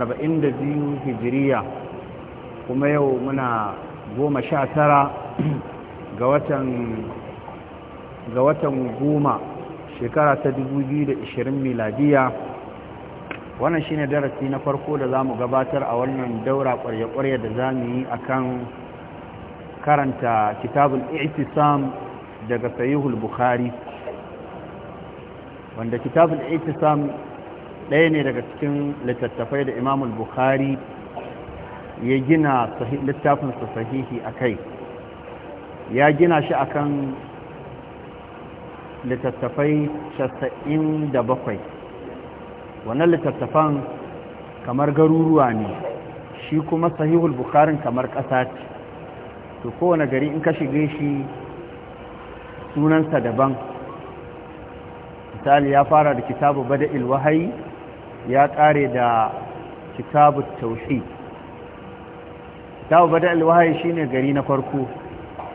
da biyu hijiriya kuma yau muna goma sha tara ga watan goma shekara ta 2020 miladiya wannan shine darasi na farko da za mu gabatar a wannan daura kwarya-kwarya da za mu yi a kan karanta Kitabun itisam daga sayihul bukhari wanda kitabun itisam ɗaya ne daga cikin littattafai da imamul bukhari ya gina littafinsa sahihi a kai ya gina shi a akan littattafai bakwai. wannan littattafan kamar garuruwa ne shi kuma sahihul bukharin kamar ƙasa ce to kowane gari in ka shige shi sunansa daban misali ya fara da kitabu bada ilwahayi ya ƙare da kitabu tauhid kitabu bada alwahayi shine gari na farko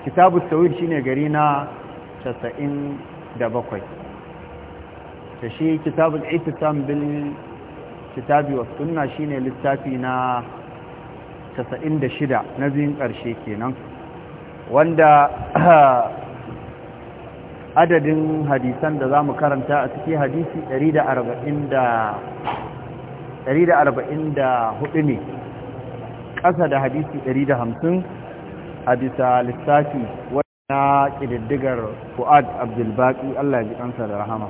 kitabu tauhid shine gari na 97 ta shi kitabu ita ittisam bil kitabi wa sunna shine littafi na 96 na biyun ƙarshe kenan wanda ah, adadin hadisan da za mu karanta a cikin hadisi 144 ne ƙasa da hadisi 150 a bisa lissafi na ƙididdigar fu'ad abdulbaƙi allah ji ƙansa da rahama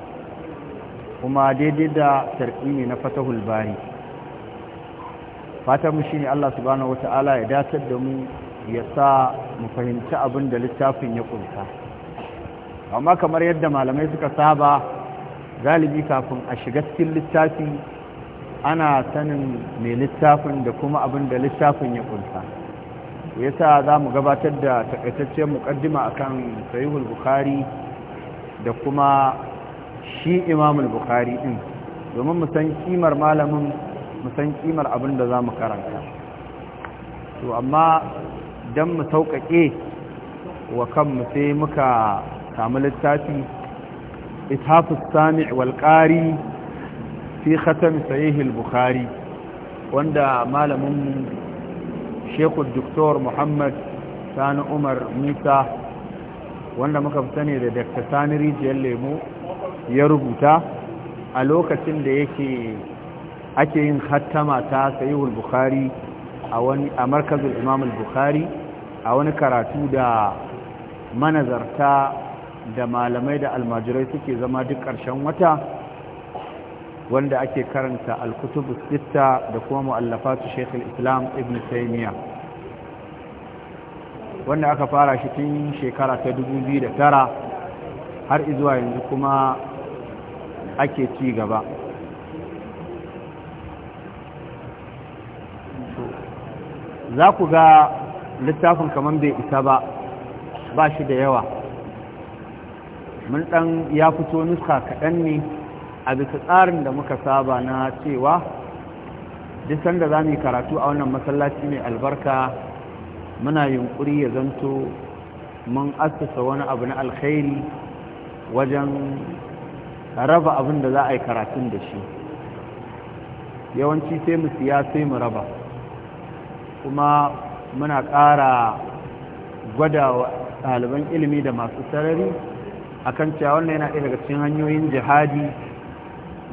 kuma daidai da ne na fatahul bari fatan mu shine allah subhanahu wata'ala ya datar da mu ya sa mu fahimci abin da littafin ya ƙunsa amma kamar yadda malamai suka saba galibi kafin a shiga cikin littafi ana sanin mai littafin da kuma abin da littafin ya kunsa sa za mu gabatar da takaitaccen mukaddima akan sayuhul bukari da kuma shi imamul bukari din domin mu san kimar malamin mu kimar abin da za mu karanta to amma don mu sauƙaƙe wa kanmu sai muka samu littafi ithafus sami walƙari fi khatan sahihul bukhari wanda malaminmu shekul doktor muhammad sani umar musa wanda muka fi sani da dr sani rijiyar lemo ya rubuta a lokacin da yake ake yin hattama ta sahihul bukhari a wani a markazin imam bukhari a wani karatu da manazarta da malamai da almajirai suke zama duk ƙarshen wata wanda ake karanta alkutubu sitta da kuma mu'allafa su shekul islam ibn taimiyya wanda aka fara shi tun shekara ta 2009 har izuwa yanzu kuma ake ci gaba za ku ga littafin kamar bai isa ba ba shi da yawa mun ɗan ya fito nuska kaɗan ne a bisa tsarin da muka saba na cewa duk sanda za mu yi karatu a wannan masallaci mai albarka muna yunkuri ya zanto mun assasa wani abu na alkhairi wajen raba abin da za a yi karatun da shi yawanci sai mu siya sai mu raba kuma muna ƙara gwada ɗaliban ilimi da masu sarari akan cewa wannan yana ɗaya daga cikin hanyoyin jihadi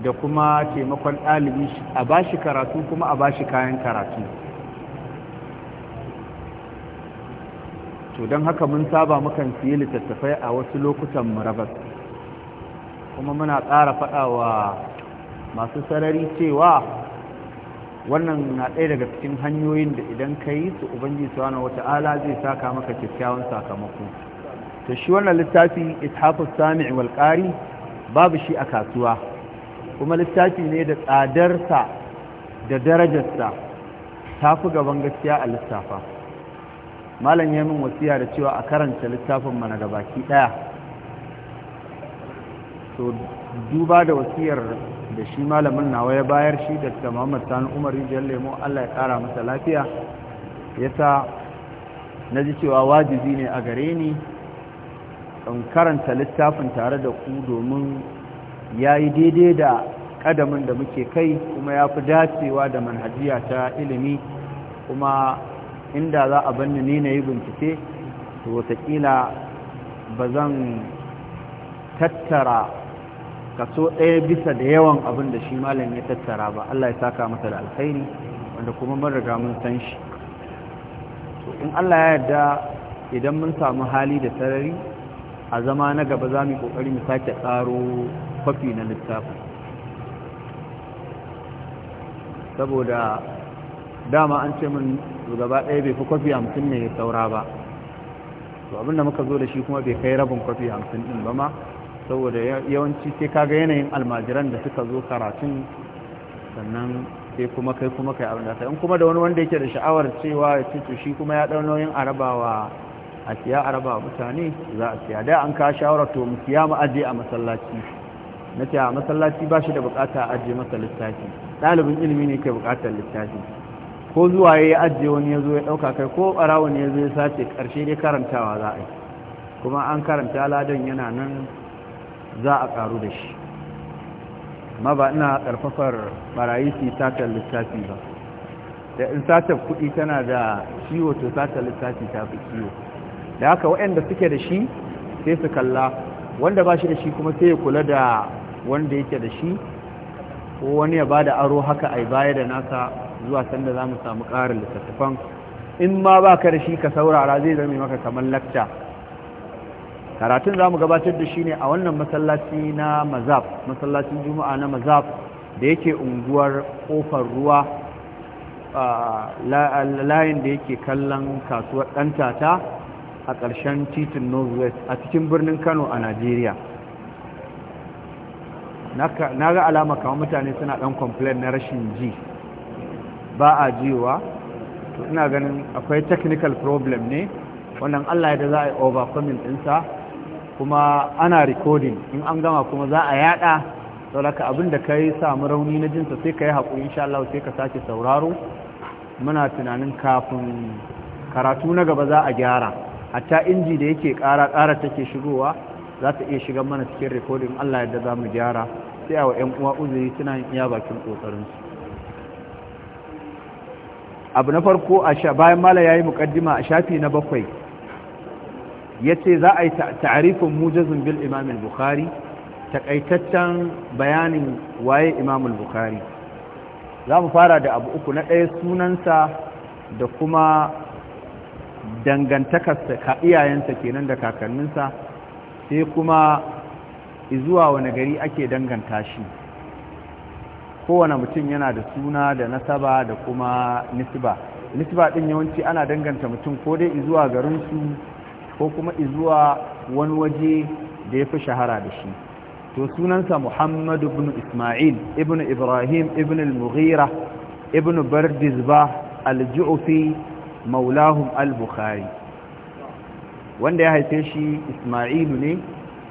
da kuma taimakon ɗalibi a ba shi karatu kuma a ba shi kayan karatu to don haka mun saba mukan siye littattafai a wasu lokutan murabas kuma muna tsara faɗawa masu sarari cewa wannan na ɗaya daga cikin hanyoyin da idan ka yi su ubangiji wata wata'ala zai saka maka kyakkyawan sakamako to shi wannan littafi ithafus sami' wal qari babu shi a kasuwa kuma littafi ne da tsadarsa da darajarsa ta fi gaban gaskiya a littafa malam ya min wasiya da cewa a karanta littafin mana baki daya to duba da wasiyar da shi malamin nawa ya bayar shi da Muhammad Sani Umar Rijiyar Lemo Allah ya kara masa lafiya ya sa na ji cewa wajibi ne a gare ni in karanta littafin tare da ku domin ya yi daidai da ƙadamin da muke kai kuma ya fi dacewa da manhajiya ta ilimi kuma inda za a banni ne na yi bincike to watakila ba zan tattara kaso ɗaya bisa da yawan abin da shi malam ya tattara ba Allah ya saka masa da alkhairi wanda kuma mun riga mun san shi in Allah ya yarda idan mun samu hali da sarari a zama na gaba za mu yi ƙoƙari mu sake tsaro kwafi na littafi saboda dama an ce min gaba ɗaya bai fi kwafi hamsin ne ya saura ba to abinda muka zo da shi kuma bai kai rabin kwafi hamsin ɗin ba ma saboda yawanci sai kaga yanayin almajiran da suka zo karatun sannan sai kuma kai kuma kai abin da in kuma da wani wanda yake da sha'awar cewa ya ce to shi kuma ya ɗau nauyin arabawa a siya a raba mutane za a siya da an ka shawarar to mu siya mu aje a masallaci na ce a masallaci ba shi da bukata a aje masa littafi ɗalibin ilimi ne ke bukatar littafi ko zuwa ya yi aje wani ya zo ya ɗauka kai ko ɓarawa ne ya zo ya sace ƙarshe dai karantawa za a yi kuma an karanta ladan yana nan za a ƙaru da shi amma ba ina ƙarfafar ɓarayi su yi satar littafi ba da in satar kuɗi tana da ciwo to satar littafi ta fi ciwo da haka waɗanda suke da shi sai su kalla wanda ba shi da shi kuma sai ya kula da wanda yake da shi ko wani ya ba da aro haka ai baya da naka zuwa sanda za mu samu ƙarin littattafan in ma ba ka da shi ka saurara zai zama maka kamar lakta karatun za mu gabatar da shi ne a wannan masallaci na mazab masallacin juma'a na mazab da yake unguwar kofar ruwa a layin da yake kallon kasuwar ɗantata a ƙarshen titin northwest a cikin birnin kano a nigeria na ga alama kamar mutane suna ɗan complain na rashin ji ba a jiwa to ina ganin akwai technical problem ne wannan allah ya da za a yi overcoming ɗinsa kuma ana recording in an gama kuma za a yada sauraka abin da ka yi samu rauni na jinsa sai ka yi haƙuri insha Allah sai ka sake sauraro muna tunanin kafin karatu na gaba za a gyara hatta inji da yake ƙara ƙara take shigowa za ta iya shiga mana cikin rikodin allah yadda za mu gyara sai a wa 'yan uwa uzuri suna yin iya bakin ƙoƙarinsu abu na farko a bayan mala ya yi mukaddima a shafi na bakwai ya ce za a yi ta'arifin mujazin bil imamul bukhari takaitaccen bayanin waye imamul bukhari za mu fara da abu uku na ɗaya sunansa da kuma dangantakarsa ka iyayensa kenan da kakanninsa sai kuma zuwa wani gari ake danganta shi kowane mutum yana da suna da nasaba da kuma nisba nisba din yawanci ana danganta mutum ko dai izuwa garinsu ko kuma izuwa wani waje da ya fi shahara da shi to sunansa muhammadu ibn ismail ibn ibrahim ibn al-mughira ibn bardizba al-ju'fi maulahum al-bukhari wanda ya haife shi isma'ilu ne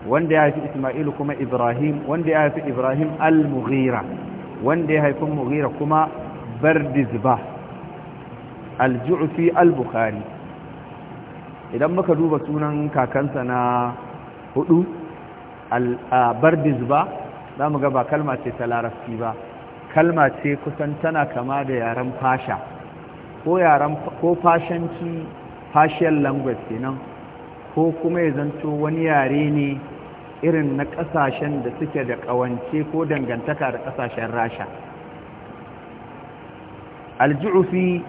wanda ya haifi isma'ilu kuma ibrahim wanda ya haifi ibrahim al-mughira wanda ya haifin mughira kuma bardizba al-ju'fi al-bukhari idan muka duba sunan kakansa na hudu al-bardizba za mu ga ba kalma ce ta larabci ba kalma ce kusan tana kama da yaren fasha ko yaren ko fashanci partial language kenan ko kuma ya zanto wani yare ne irin na ƙasashen da suke da ƙawance ko dangantaka da ƙasashen rasha aljufi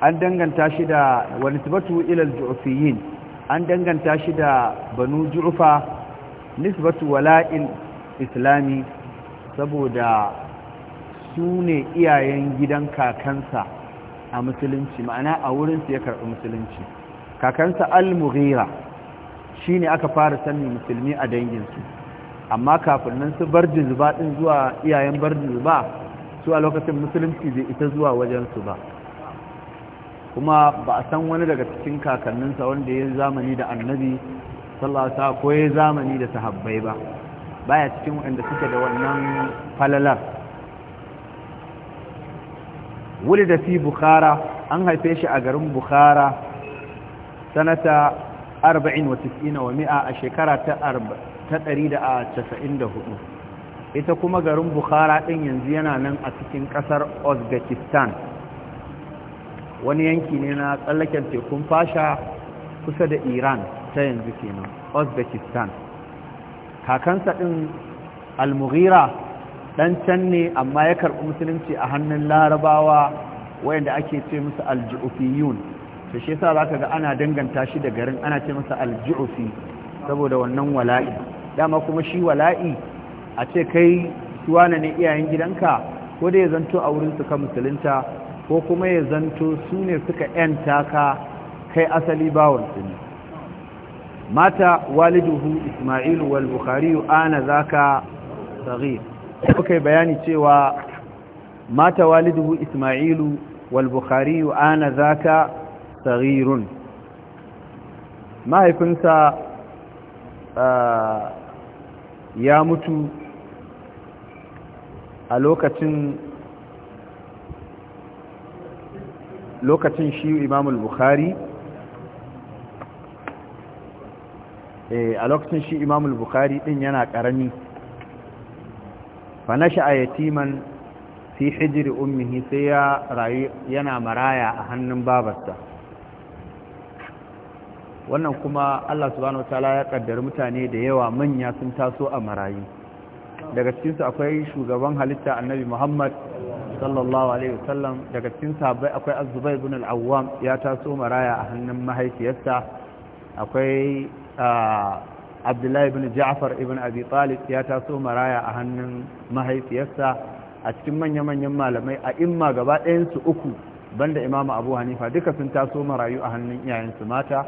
an danganta shi da wani tibatu ilal an danganta shi da banu ju'ufa nisbatu wala'in islami saboda su ne iyayen gidan kakansa a musulunci ma'ana a wurinsu ya karɓi musulunci kakansa al-mughira shi ne aka fara sani musulmi a danginsu amma kafin nan su bar jizba ɗin zuwa iyayen bar jizba su a lokacin musulunci zai ita zuwa wajensu ba kuma ba a san wani daga cikin kakanninsa wanda ya zamani da annabi sallasa ko ya zamani da sahabbai ba baya cikin waɗanda suke da wannan falalar wulida fi bukhara an haife shi a garin bukhara sanata 94 wa mi'a a shekara ta 194 ita kuma garin bukhara ɗin yanzu yana nan a cikin ƙasar uzbekistan wani yanki ne na tsallaken tekun fasha kusa da iran ta yanzu kenan uzbekistan kakansa ɗin al dan can ne amma ya karɓi musulunci a hannun larabawa wayanda ake ce musu alji'ufiyun to shi yasa zaka ga ana danganta shi da garin ana ce masa alji'ufi saboda wannan wala'i dama kuma shi wala'i a ce kai suwana ne iyayen gidanka ko da ya zanto a wurin su suka musulunta ko kuma ya zanto su ne suka yanta ka kai asali bawon su ne mata waliduhu isma'ilu wal bukhari ana zaka saghir suka yi bayani cewa mata walidu ismailu wal bukhari ana zaka saghirun mahaifinsa ya mutu a lokacin lokacin shi imamul bukhari eh, a lokacin shi al bukhari din yana karami fanashi a yatiman fi hijiri ummihi sai ya rayu yana maraya a hannun babarsa wannan kuma Allah subhanahu wataala ya ƙaddari mutane da yawa manya sun taso a marayu daga cikinsu akwai shugaban halitta annabi Muhammad sallallahu alaihi wasallam daga cikin sahabbai akwai az-zubayr ibn al-awwam ya taso maraya a hannun mahaifiyarsa akwai abdullahi ibn ja'far ibn abi talib ya taso maraya a hannun mahaifiyarsa a cikin manya-manyan malamai a imma gaba ɗayansu uku banda imamu abu hanifa duka sun taso marayu a hannun iyayensu mata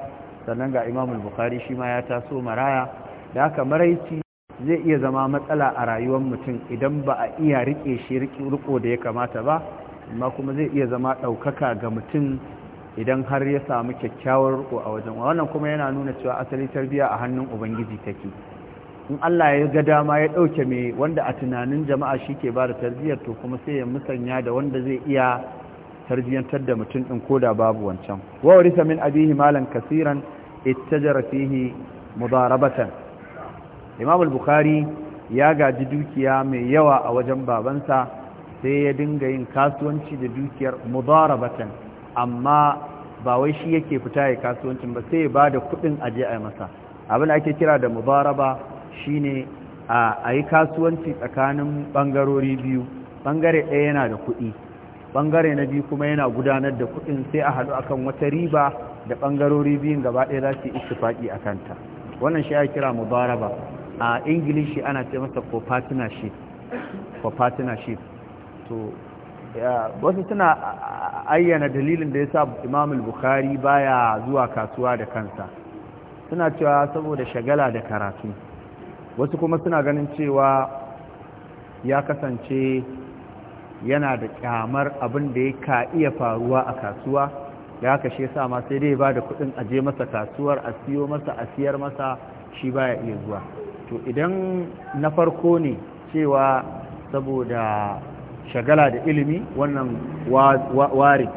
sannan ga imamu bukari shi ma ya taso maraya da aka maraici zai iya zama matsala a rayuwar mutum idan ba a iya rike shi riko da ya kamata ba amma kuma zai iya zama ɗaukaka ga mutum idan har ya samu kyakkyawar riko a wajen wannan kuma yana nuna cewa asali tarbiya a hannun ubangiji take in Allah ya ga dama ya dauke me wanda a tunanin jama'a shike ba da tarbiyar to kuma sai ya musanya da wanda zai iya tarbiyantar da mutum din koda babu wancan wa warisa min abihi malan kaseeran ittajara fihi mudarabatan Imam al-Bukhari ya gaji dukiya mai yawa a wajen babansa sai ya dinga yin kasuwanci da dukiyar mudarabatan amma ba wai shi yake fita ya kasuwancin ba sai ya ba da kudin aje a masa abin ake kira da mubaraba shine a yi kasuwanci tsakanin bangarori biyu bangare ɗaya yana da kuɗi bangare na biyu kuma yana gudanar da kuɗin sai a haɗu akan wata riba da bangarori biyun gaba ɗaya za su yi istifaki a kanta wannan shi ya kira mubaraba a ingilishi ana ce masa ko partnership shif. partnership to wasu suna ayyana dalilin da ya sa imam bukhari baya zuwa kasuwa da kansa suna cewa saboda shagala da karatu wasu kuma suna ganin cewa ya kasance yana da kyamar abin da ya ka iya faruwa a kasuwa da haka shi sa ma sai dai ba da kudin aje masa kasuwar a siyo masa a siyar masa shi baya iya zuwa to idan na farko ne cewa saboda shagala da ilimi wannan ware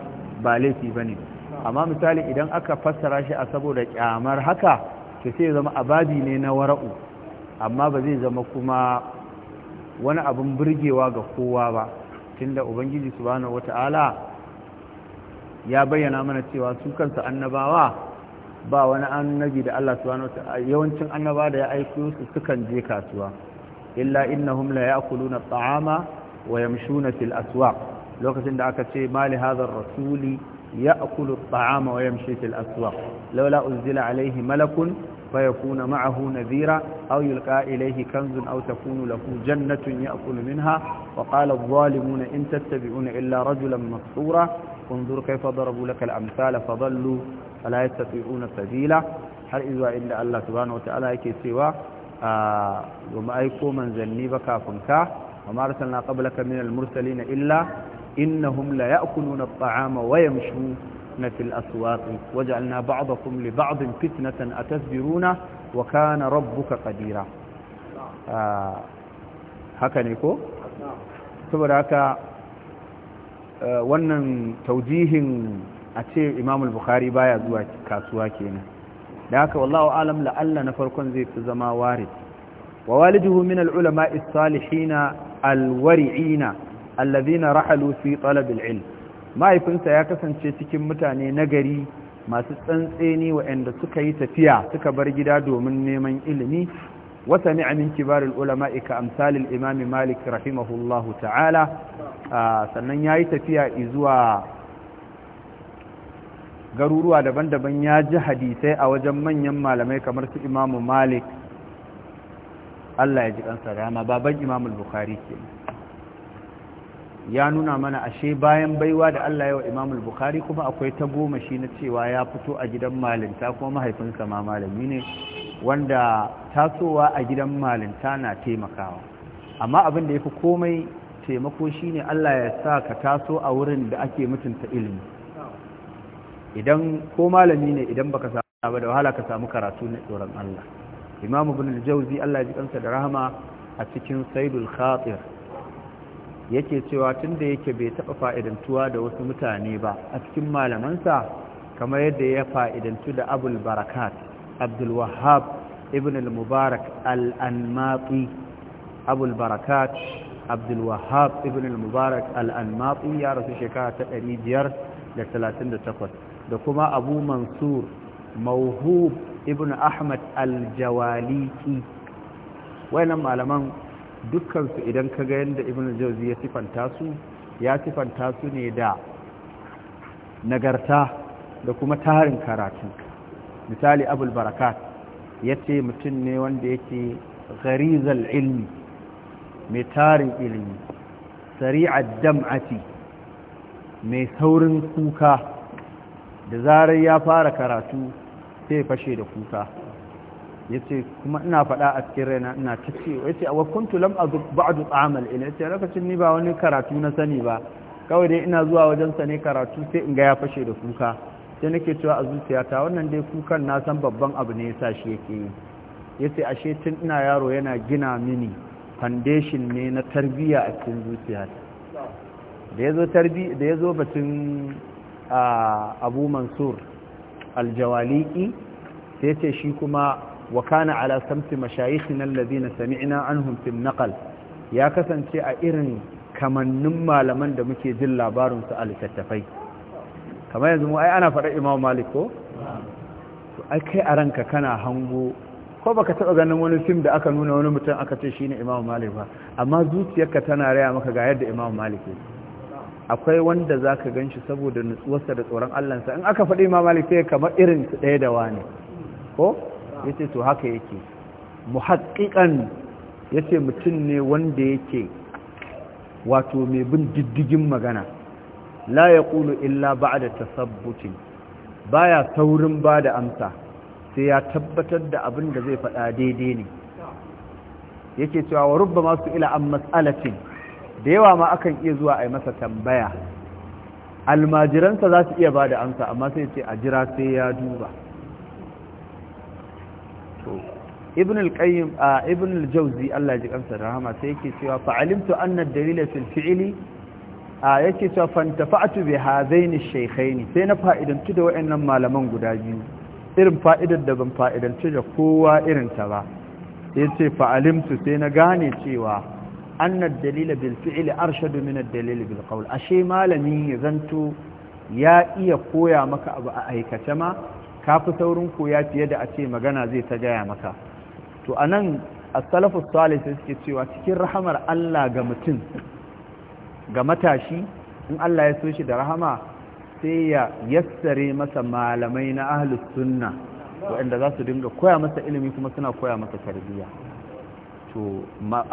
ba laifi ba ne amma misali idan aka fassara shi a saboda kyamar haka to sai zama ababi ne na wara'u amma ba zai zama kuma wani abin birgewa ga kowa ba tunda ubangiji subhanahu wata'ala ya bayyana mana cewa su kansu annabawa ba wani annabi da Allah subhanahu wata'ala yawancin annaba da ya aiko su sukan je kasuwa illa innahum la ya'kuluna at-ta'ama ويمشون في الأسواق لوكسن دا أكتشي ما لهذا الرسول يأكل الطعام ويمشي في الأسواق لولا أنزل عليه ملك فيكون معه نذيرا أو يلقى إليه كنز أو تكون له جنة يأكل منها وقال الظالمون إن تتبعون إلا رجلا مسحورا انظر كيف ضربوا لك الأمثال فضلوا فلا يستطيعون سبيلا هل إذا إلا الله سبحانه وتعالى كي سوى آه، وما goma من manzanni ba kafin وما أرسلنا قبلك من المرسلين إلا إنهم ليأكلون الطعام ويمشون في الأسواق وجعلنا بعضكم لبعض فتنة أتصبرون وكان ربك قديرا haka ne ko? saboda haka wannan taujihin a ce imamul bukhari baya zuwa kasuwa kenan da haka wallahu alam la'alla na farkon zai fi zama wari. wa waliduhu min al'ulama is salihina alwari'ina allazina rahalu fi talab alilm mahaifinsa ya kasance cikin mutane nagari masu tsantseni waɗanda suka yi tafiya suka bar gida domin neman ilimi wata ni'amin kibarul ulama'i ka amsalil imam malik rahimahullahu ta'ala ah, sannan ya yi tafiya zuwa garuruwa daban-daban ya ji hadisai a wajen manyan malamai kamar su imamu malik Allah ya ji kansa rama baban Imam al-Bukhari ke ya nuna mana ashe bayan baiwa da Allah ya wa Imam al-Bukhari kuma akwai ta goma shi na cewa ya fito a gidan malinta kuma mahaifinsa ma malami ne wanda tasowa a gidan malinta na taimakawa amma abin da yafi komai taimako shine Allah ya sa ka taso a wurin da ake mutunta ilimi idan ko malami ne idan baka samu da wahala ka samu karatu na tsoron Allah imam ibn al-jawzi Allah ya kansa da rahama a cikin saidul khatir yake cewa tunda yake bai taba fa'idantuwa da wasu mutane ba a cikin malamansa kamar yadda ya fa'idantu da abul barakat abdul wahhab ibn al-mubarak al-anmati abul barakat abdul wahhab ibn al-mubarak al-anmati ya rasu shekara ta 538 da kuma abu mansur mawhub ibn ahmad aljawaliki wayannan malaman dukkansu idan ka ga yadda ibn jauzi ya sifanta su ya sifanta su ne da nagarta da kuma tarin karatu misali abul barakat ya ce mutum ne wanda yake gharizal ilmi mai tarin ilmi sari'ar dam'ati mai saurin kuka da zarar ya fara karatu sai fashe da kuka yace kuma ina faɗa a cikin raina ina ta cewa yace wa kuntu lam azub ba'du amal ina yace lokacin ni ba wani karatu na sani ba kawai dai ina zuwa wajen sa karatu sai in ga ya fashe da kuka sai nake cewa a zuciyata wannan dai kukan na san babban abu ne ya sa shi yake yi yace ashe tun ina yaro yana gina mini foundation ne na tarbiyya a cikin zuciyata da ya zo batun ah, Abu Mansur aljawaliki sai ce shi kuma wa kana ala samti mashayikhina alladhina sami'na anhum fil naqal ya kasance a irin kamannin malaman da muke jin labarin su a littattafai kamar yanzu mu ai ana faɗa Imam Malik ko to ai kai a ranka kana hango ko baka taɓa ganin wani fim da aka nuna wani mutum aka ce shine Imam Malik ba amma zuciyarka tana raya maka ga yadda Imam Malik yake akwai wanda za ka gan shi saboda nutsuwarsa da tsoron allansa in aka faɗi ma malik sai kamar irin su ɗaya da wani ko ya ce to haka yake muhaƙiƙan ya ce mutum ne wanda yake wato mai bin diddigin magana la ya ƙulu illa ba da tasabbutin ba ya saurin ba da amsa sai ya tabbatar da abin da zai faɗa daidai ne yake cewa wa rubba masu ila an matsalatin da yawa ma akan iya zuwa a yi masa tambaya almajiransa za su iya ba da amsa amma sai ce a jira sai ya duba ibn al-qayyim ibn al-jawzi Allah ji kansa da rahama sai yake cewa fa alimtu anna ad-dalila fil fi'li yake cewa bai bi hadaini ash-shaykhain sai na tu da wayannan malaman guda biyu irin fa'idar da ban tu da kowa irin ta ba yace fa alimtu sai na gane cewa an na dalila bilfi'ili arshadu min dalili bilkawul ashe malami ya zanto ya iya koya maka abu a aikace ma kafi saurin koya fiye da a ce magana zai ta gaya maka to a nan asalafus salis suke cewa cikin rahamar allah ga mutum ga matashi in allah ya so shi da rahama sai ya yassare masa malamai na ahlus sunna waɗanda za su dinga koya masa ilimi kuma suna koya masa tarbiyya to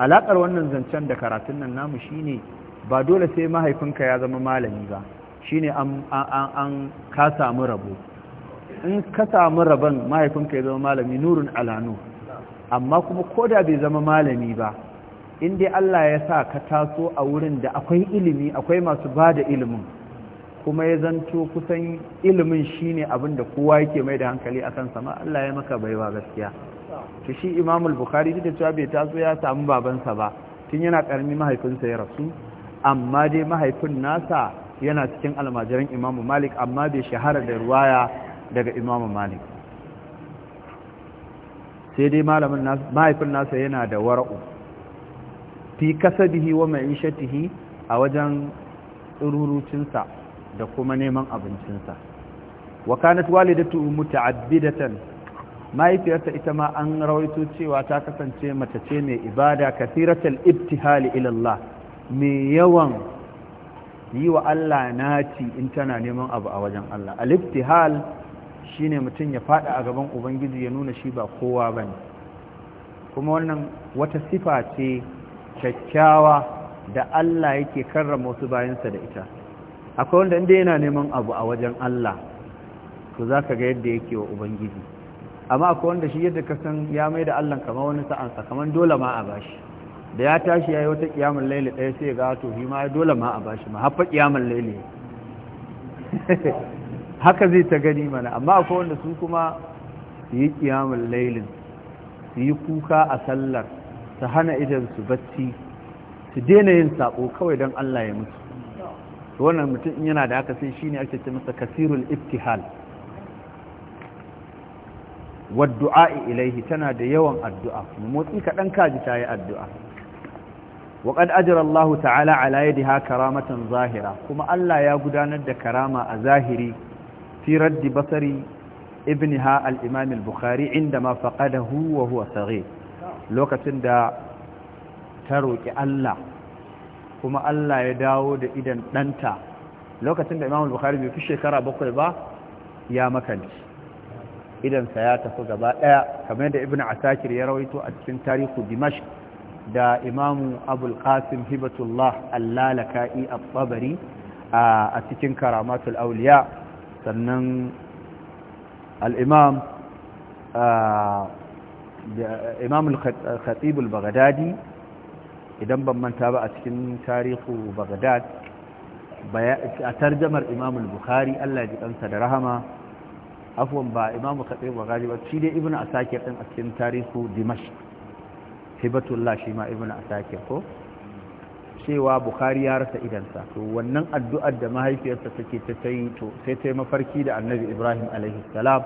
alakar wannan zancen da karatun nan namu shine ba dole sai mahaifinka ya zama malami ba shine an ka samu rabo in ka samu rabon mahaifinka ya zama malami nurun alanu amma kuma ko da bai zama malami ba in Allah ya sa ka taso a wurin da akwai ilimi akwai masu ba da ilimin kuma ya zanto kusan ilimin shine abin da kowa yake mai da hankali a kansa sama Allah ya maka baiwa gaskiya to shi imam al-bukhari duk da cewa bai taso ya samu babansa ba tun yana karmi mahaifinsa ya rasu amma dai mahaifin nasa yana cikin almajiran imam malik amma bai shahara da ruwaya daga imam malik sai dai malamin mahaifin nasa yana da wara'u fi kasa bihi wa mai ma'ishatihi a wajen tsururucinsa da kuma neman abincinsa wa kanat walidatu muta'abbidatan mahaifiyarta ita ma an rawaito cewa ta kasance mace ce mai ibada kathiratul ibtihali ilallah mai yawan yi wa Allah naci in tana neman abu a wajen Allah al-ibtihal shine mutum ya fada a gaban ubangiji ya nuna shi ba kowa bane kuma wannan wata sifa ce kyakkyawa da Allah yake karrama wasu bayansa da ita akwai wanda inda yana neman abu a wajen Allah to zaka ga yadda yake wa ubangiji amma ko wanda shi yadda ka san ya mai da Allah kamar wani sa'ansa kamar dole ma a bashi da ya tashi yayi wata kiyamul laili ɗaya sai ga to shi ma dole ma a bashi ma haffa kiyamul laili haka zai ta gani mana amma ko wanda su kuma su yi kiyamul lailin su yi kuka a sallar su hana idan su bacci su daina yin sako kawai don Allah ya mutu wannan mutum in yana da haka sai shine ake ce masa kasirul ibtihal wadda ilaihi tana da yawan addu’a motsi kaɗan kaji ta yi addu’a waƙad ajiyarallahu ta’ala ala yadda ha karamatan zahira kuma Allah ya gudanar da karama a zahiri fi raddi basari ibn ha al’imamil bukari inda ma faƙa da huwa huwa sare lokacin da ta roƙi Allah kuma Allah ya dawo da idan ɗanta lokacin da imamul bukari bai fi shekara bakwai ba ya makanci idansa ya tafi gaba ɗaya kamar yadda ibn asakir ya rawaito a cikin tarihu dimashq da imamu abul qasim hibatullah allalaka'i at-tabari a cikin karamatul auliya sannan al-imam imam al-khatib al-baghdadi idan ban manta ba a cikin tarihu baghdad a tarjamar imam al-bukhari Allah ya ji kansa da rahama afwan ba imam katsayi ba gari ba shi dai ibn asakir din a cikin tarihu dimash hibatullah shi ma ibn asakir ko cewa bukhari ya rasa idansa to wannan addu'ar da mahaifiyarsa take ta tayi to sai ta yi mafarki da annabi ibrahim alaihi salam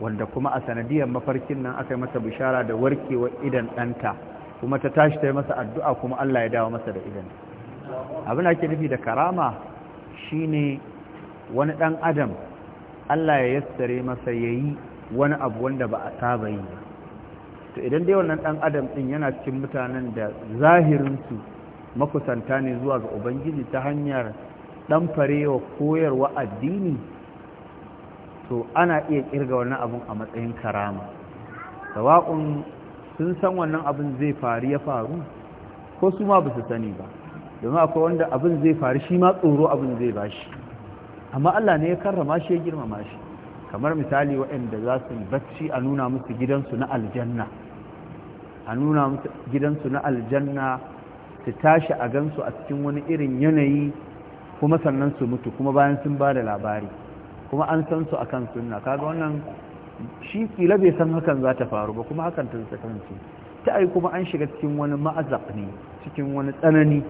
wanda kuma a sanadiyar mafarkin nan aka yi mata bishara da warkewar idan ɗanta kuma ta tashi ta yi masa addu'a kuma allah ya dawo masa da idan abin da ake nufi da karama shine wani ɗan adam Allah ya yassare masa yayi wani abu wanda ba a saba yi ba to idan dai wannan dan adam din yana cikin mutanen da zahirin su makusanta ne zuwa ga ubangiji ta hanyar dan farewa koyarwa addini to ana iya kirga wannan abun a matsayin karama sawa'un sun san wannan abin zai faru ya faru ko su ma ba su sani ba domin akwai wanda abin zai faru shi ma tsoro abin zai bashi amma Allah ne ya karrama shi ya girmama shi kamar misali waɗanda za su yi bacci a nuna musu gidansu na aljanna a nuna musu gidansu na aljanna su tashi a gansu a cikin wani irin yanayi kuma sannan su mutu kuma bayan sun ba da labari kuma an san su akan sunna kaga wannan shi kila bai san hakan za ta faru ba kuma hakan ta kasance ta ai kuma an shiga cikin wani ma'azaq ne cikin wani tsanani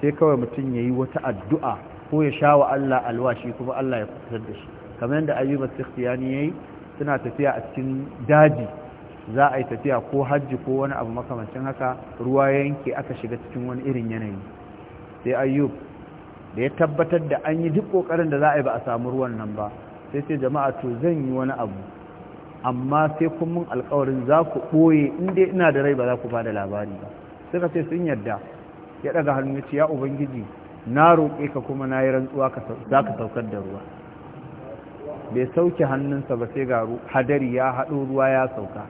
sai kawai mutum yayi wata addu'a ko ya sha wa Allah alwashi kuma Allah ya kusa da shi kamar yadda ayyuba ya yi suna tafiya a cikin daji za a yi tafiya ko hajji ko wani abu makamancin haka ruwa ya yanke aka shiga cikin wani irin yanayi sai ayyub da ya tabbatar da an yi duk kokarin da za a yi ba a samu ruwan nan ba sai sai jama'a to zan yi wani abu amma sai kun mun alkawarin za ku ɓoye dai ina da rai ba za ku ba da labari ba suka ce sun yarda ya ɗaga hannu ya ce ya ubangiji na roƙe ka kuma na yi rantsuwa za ka saukar da ruwa bai sauke hannunsa ba sai ga hadari ya haɗo ruwa ya sauka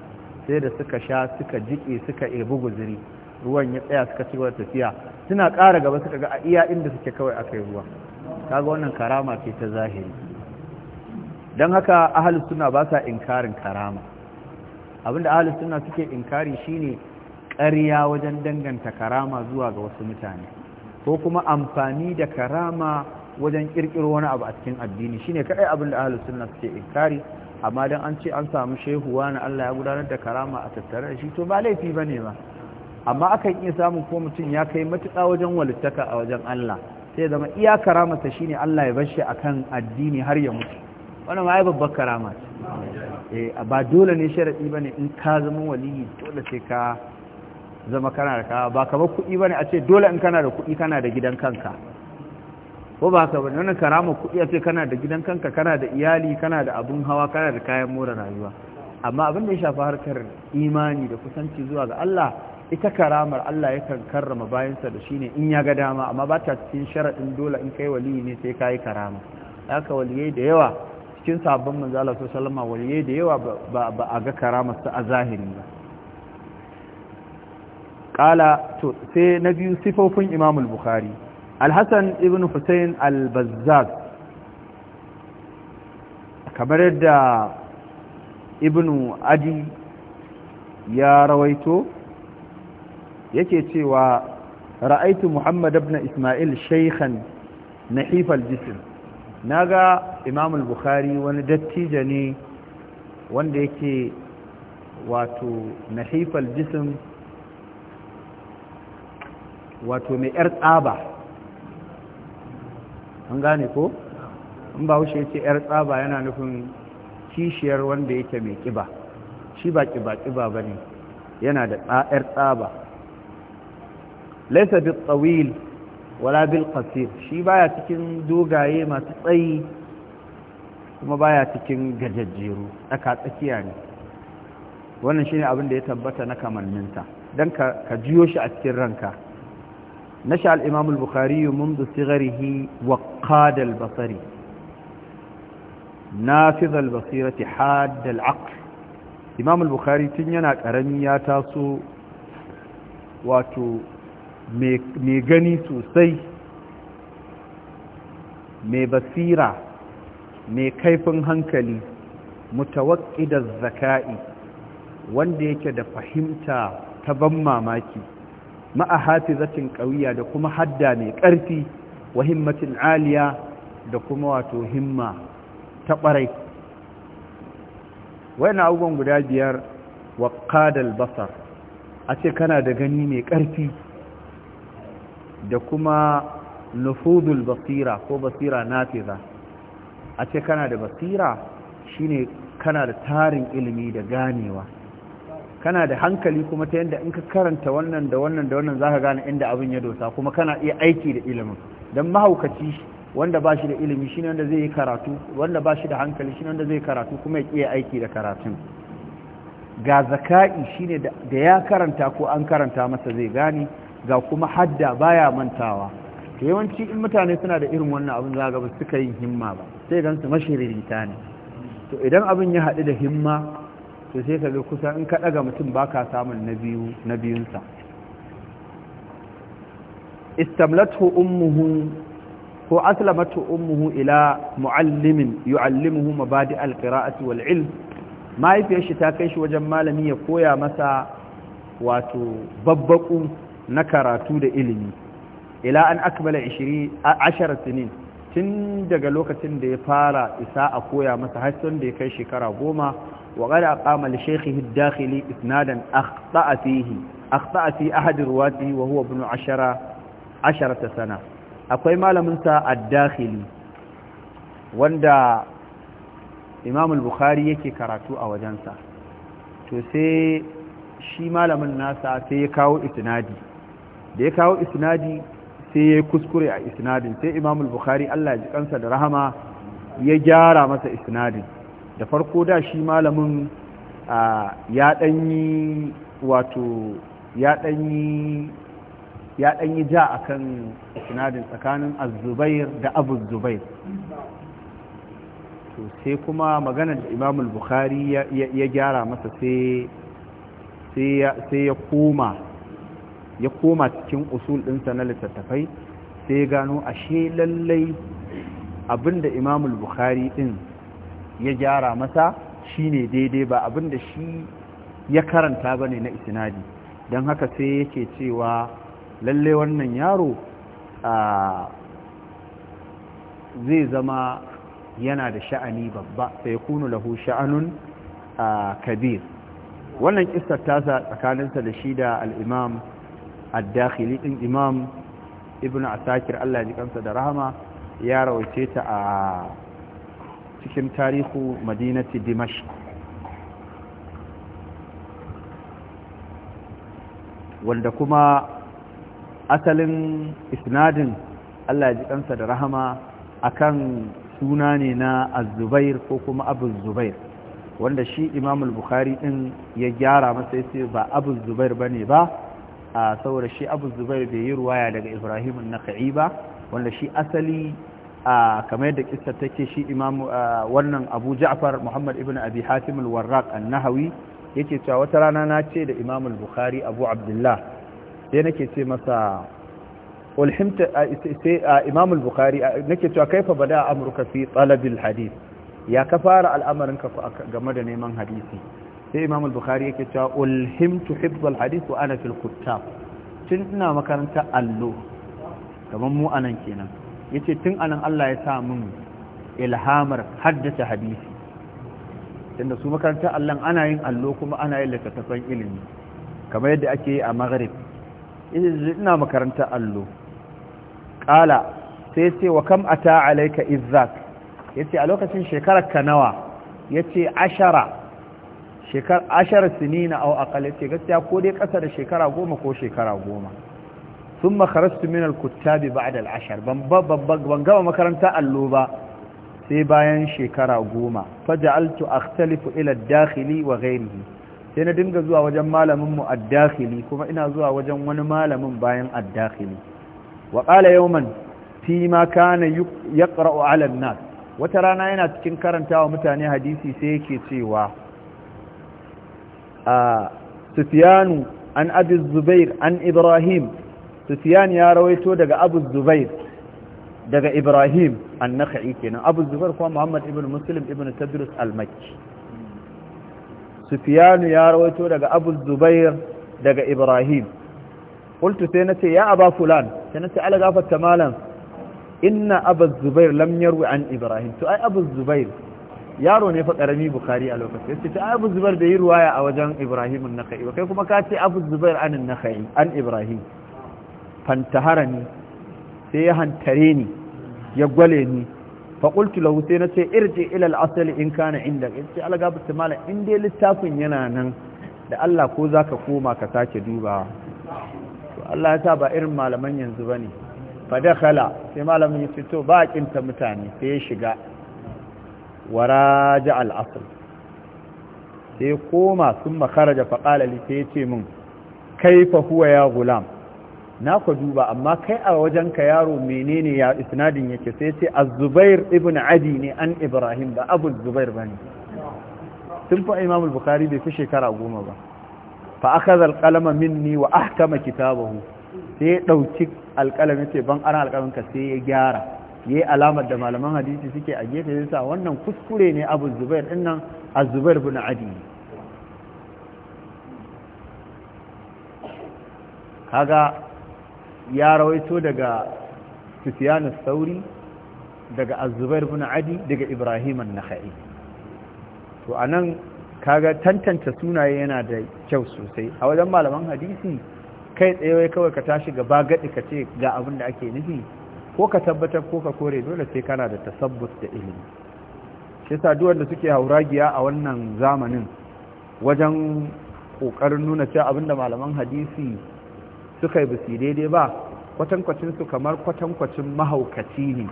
sai da suka sha suka jiƙe suka ebi guziri ruwan ya tsaya suka ci tafiya suna ƙara gaba suka ga a iya inda suke kawai a kai ruwa kaga wannan karama ce ta zahiri don haka ahalus suna ba sa inkarin karama abinda ahalus suna suke inkari shine ƙarya wajen danganta karama zuwa ga wasu mutane ko kuma amfani da karama wajen kirkiro wani abu a cikin addini shine kaɗai abin da ahlus sunna suke inkari amma dan an ce an samu shehu wani Allah ya gudanar da karama a tattare da shi to ba laifi bane ba amma akan iya samun ko mutum ya kai matuƙa wajen walittaka a wajen Allah sai zama iya karamarsa shine Allah ya bar shi akan addini har ya mutu wannan ma ai babbar karama ce eh ba dole ne sharadi bane in ka zama waliyi dole sai ka zama kana da kawa ba kamar kuɗi ba ne a ce dole in kana da kuɗi kana da gidan kanka ko ba ka wani karama kuɗi a ce kana da gidan kanka kana da iyali kana da abun hawa kana da kayan more rayuwa amma abin da ya shafi harkar imani da kusanci zuwa ga Allah ita karamar Allah yakan karrama bayansa da shi ne in ya ga dama amma ba ta cikin sharaɗin dole in kai waliyi ne sai ka yi karama haka waliyai da yawa cikin sabon manzala Allah waliyai da yawa ba a ga karamarsa a zahiri ba ƙala to sai na biyu sifofin imamul bukhari alhassan ibn hussein al-bazzaz kamar yadda ibn adi ya rawaito yake cewa ra'aitu muhammad ibn ismail shaykhan nahif al-jism naga imam bukhari wani dattijo ne wanda yake wato nahif al-jism wato mai yar tsaba an gane ko in ba wuce ce yar tsaba yana nufin kishiyar wanda yake mai ƙiba. shi ba kiba kiba ba ne yana da yar tsaba laisa bil tsawil wala bil qasir shi baya cikin dogaye masu tsayi kuma baya cikin gajajjeru tsaka tsakiya ne wannan shine abin da ya tabbata na kamanninta don ka jiyo shi a cikin ranka نشأ الإمام البخاري منذ صغره وقاد البصر نافذ البصيرة حاد العقل إمام البخاري تنينا كرمي تاسو واتو ميغني سوسي مي بصيرة مي كيف هنكلي متوقد الذكاء wanda yake da fahimta ta ban mamaki ma'a zacin ƙawiya da kuma hadda mai ƙarfi wa himmatin aliya da kuma wato himma ta Wai wani abubuwan guda biyar wa ƙadal basar a ce kana da gani mai ƙarfi da kuma nufudul basira ko basira nafiza a ce kana da basira shine kana da tarin ilimi da ganewa kana da hankali kuma ta yadda in ka karanta wannan da wannan da wannan za ka gane inda abin ya dosa kuma kana iya aiki da ilimin don mahaukaci wanda ba shi da ilimi shi wanda zai yi karatu wanda ba shi da hankali shi wanda zai karatu kuma ya iya aiki da karatun ga zaka'i shi ne da ya karanta ko an karanta masa zai gane ga kuma hadda baya mantawa to yawanci in mutane suna da irin wannan abin za suka yin himma ba sai gansu su mashiririta ne to idan abin ya haɗu da himma to sai ka ga kusan in ka daga mutum ba ka samun na biyunsa istamlatu ummuhu ko aslamatu ummuhu ila muallimin yu'allimuhu mabadi alqira'ati wal ilm mahaifiyar shi ta kai shi wajen malami ya koya masa wato babbaku na karatu da ilimi ila an akmala 20 tun daga lokacin da ya fara isa a koya masa hassan da ya kai shekara goma wa ƙada da shekhi dakhili isnadan akhta'a fihi akhta'a fi hadin ruwati wa huwa ibn ashara ta sana akwai malamin sa ad wanda imamul bukhari yake karatu a wajensa to sai shi malamin nasa sai ya kawo isnadi da ya kawo isnadi sai ya kuskure a isnadin sai imam bukhari Allah ya ji kansa da rahama ya gyara masa isnadin da farko da shi malamin ya danyi wato ya danyi ya danyi ja akan isnadin tsakanin az-zubair da abu zubair sai kuma maganar da imam bukhari ya gyara masa sai ya koma ya koma cikin usul ɗinsa na littattafai sai gano ashe lallai abinda imamul bukhari ɗin ya gyara masa shine daidai ba abin da shi ya karanta ba ne na isnadi don haka sai yake cewa lallai wannan yaro zai zama yana da sha'ani babba sai kunu lahu sha'anun kabir wannan kistar tasa tsakaninsa da shi da al'imam ad-dakhili din imam ibn asakir Allah ya ji kansa da rahama ya rawaice ta a cikin tarihu madinati dimashq wanda kuma asalin isnadin Allah ya ji kansa da rahama akan suna ne na az-zubair ko kuma abu zubair wanda shi imam al-bukhari din ya gyara masa yace ba abu zubair bane ba saboda shi abu zubar bai yi ruwaya daga ibrahim na ba wanda shi asali kamar yadda kissa take shi imamu wannan abu ja'far muhammad ibn abi hatim al-warraq an-nahawi yake cewa wata rana na ce da imamu al abu abdullah sai nake ce masa ulhimta sai imamu al-bukhari nake cewa kaifa bada amurka fi talab hadith ya ka fara al'amarinka game da neman hadisi sai imam al-bukhari yake cewa ulhimtu hifdhal hadith wa ana fil kuttab tun ina makaranta allo kamar mu anan kenan yace tun anan Allah ya sa mun ilhamar haddace hadisi tunda su makaranta allan ana yin allo kuma ana yin littattafan ilimi kamar yadda ake yi a maghrib ina makaranta allo kala sai sai wa kam ata alayka izzak yace a lokacin shekarar ka nawa yace ashara shekar ashar sinina au aqal ce gaskiya ko dai kasa da shekara goma ko shekara goma thumma kharastu min al-kuttab ba'da al-ashar ban ban gama makaranta allo ba sai bayan shekara goma Faja, akhtalifu ila ad-dakhili wa ghayrihi sai na dinga zuwa wajen malaminmu addakhili kuma ina zuwa wajen wani malamin bayan addakhili wa qala yawman fi ma kana yaqra'u 'ala an-nas wata rana yana cikin karanta wa mutane hadisi sai yake cewa sufiyanu an abi zubair an ibrahim sufiyan ya rawaito daga abu zubair daga ibrahim an nakhai kenan abu zubair muhammad ibn muslim ibn tadrus al-makki sufiyanu ya rawaito daga abu daga ibrahim qultu sai nace ya aba fulan sai nace ala gafarta malam inna abu zubair lam yarwi an ibrahim to ai yaro ne fa karami bukhari a lokacin yace ta abu zubair da yi ruwaya a wajen ibrahim an-nakhai kai kuma ka ce abu zubair an an-nakhai an ibrahim fantaharani sai ya hantare ni ya gwale ni fa qultu lahu sai nace irji ila al-asl in kana inda yace alaga bi tamala in dai littafin yana nan da Allah ko zaka koma ka sake duba to Allah ya sa ba irin malaman yanzu bane fa dakhala sai malamin ya fito ba kinta mutane sai ya shiga waraja raja sai koma sun makaraja faƙala li sai ce min kaifa huwa ya gulam na ku duba amma kai a wajenka yaro menene ya isnadin yake sai ce az-zubair ibn adi ne an ibrahim ba abu zubair bane tun fa imam al-bukhari bai fi shekara goma ba fa akhadha al-qalama minni wa ahkama kitabahu sai ya dauki alƙalamin sai ban ana alƙalamin ka sai ya gyara yayi alamar da malaman hadisi suke a gefe yasa wannan kuskure ne abu zubair din nan az-zubair bin adi kaga ya rawaito daga sufyan sauri daga az-zubair bin adi daga ibrahim an-nakhai to anan kaga tantance sunaye yana da kyau sosai a wajen malaman hadisi kai tsaye kawai ka tashi gaba gadi ka ce ga abin da ake nufi ko ka tabbatar ko ka kore dole sai kana da tasabbus da ilimi shi sa duwanda suke hauragiya a wannan zamanin wajen kokarin nuna cewa abinda malaman hadisi suka yi bisi daidai ba kwatankwacin su kamar kwatankwacin mahaukaci ne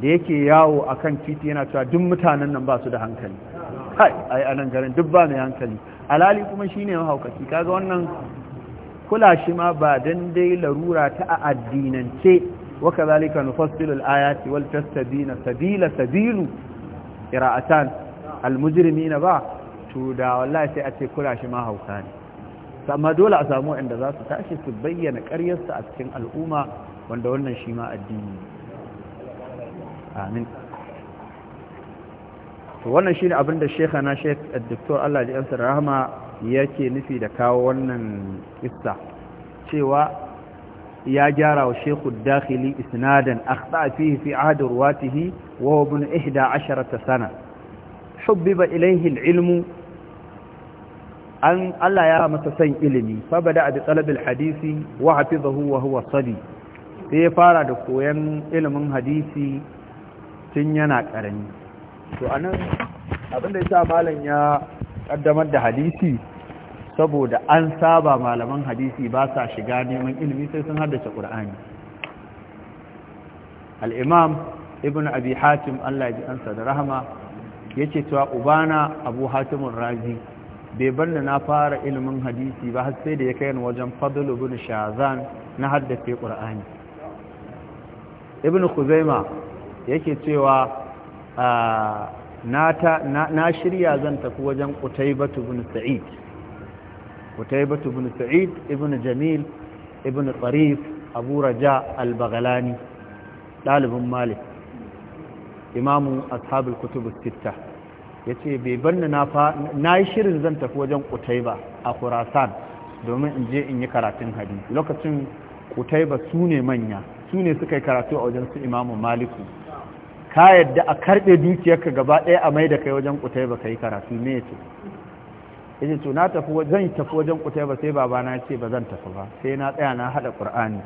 da yake yawo akan titi yana cewa duk mutanen nan ba su da hankali kai ai anan garin duk ba mai hankali alali kuma shine mahaukaci kaga wannan kula shi ma ba dan dai larura ta a addinance وكذلك نفصل الآيات والتستدين سبيل سبيل na ba? با تودا والله sai a ce kula shi ma hauka ne amma dole a samu inda za su tashi su bayyana ƙaryarsa a cikin al'umma wanda wannan shi ma addini amin to wannan shine abin da shekana shek Dr. Allah ji ansa rahama yake nufi da kawo wannan kissa cewa ya jara wa shekhu dakili isnadan akhta fihi fi adur watihi wa ibn 11 sana hubbiba ilayhi alilm an Allah ya masa san ilimi fa bada bi talab alhadisi wa hafizahu wa huwa sabi sai fara da koyan ilimin hadisi tun yana karami to anan abinda yasa malam ya kaddamar da hadisi saboda an saba malaman hadisi ba sa shiga neman ilimi sai sun haddace ƙur'ani al'imam ibn abi hatim allah ji ansa da rahama ya ce cewa ubana abu hatimun razi bai banda na fara ilimin hadisi ba har sai da ya kai wajen fadlu bin shazan na haddace ƙur'ani ibn kuzaima ke cewa ah, na shirya zan tafi wajen ƙutaibatu bin sa'id قتيبة بن سعيد ابن جميل ابن طريف أبو رجاء البغلاني طالب مالك إمام أصحاب الكتب الستة yace bai banna na fa na yi shirin zan tafi wajen Kutaiba a Kurasan domin in je in yi karatun hadisi lokacin Qutaiba sune ne manya su suka yi karatu a wajen su Imamu Maliku ka yadda a karbe dukiyarka gaba ɗaya a mai da kai wajen Kutaiba ka yi karatu ne yace yace to na tafi zan tafi wajen kutaiba sai babana ce ba zan tafi ba sai na tsaya na haɗa qur'ani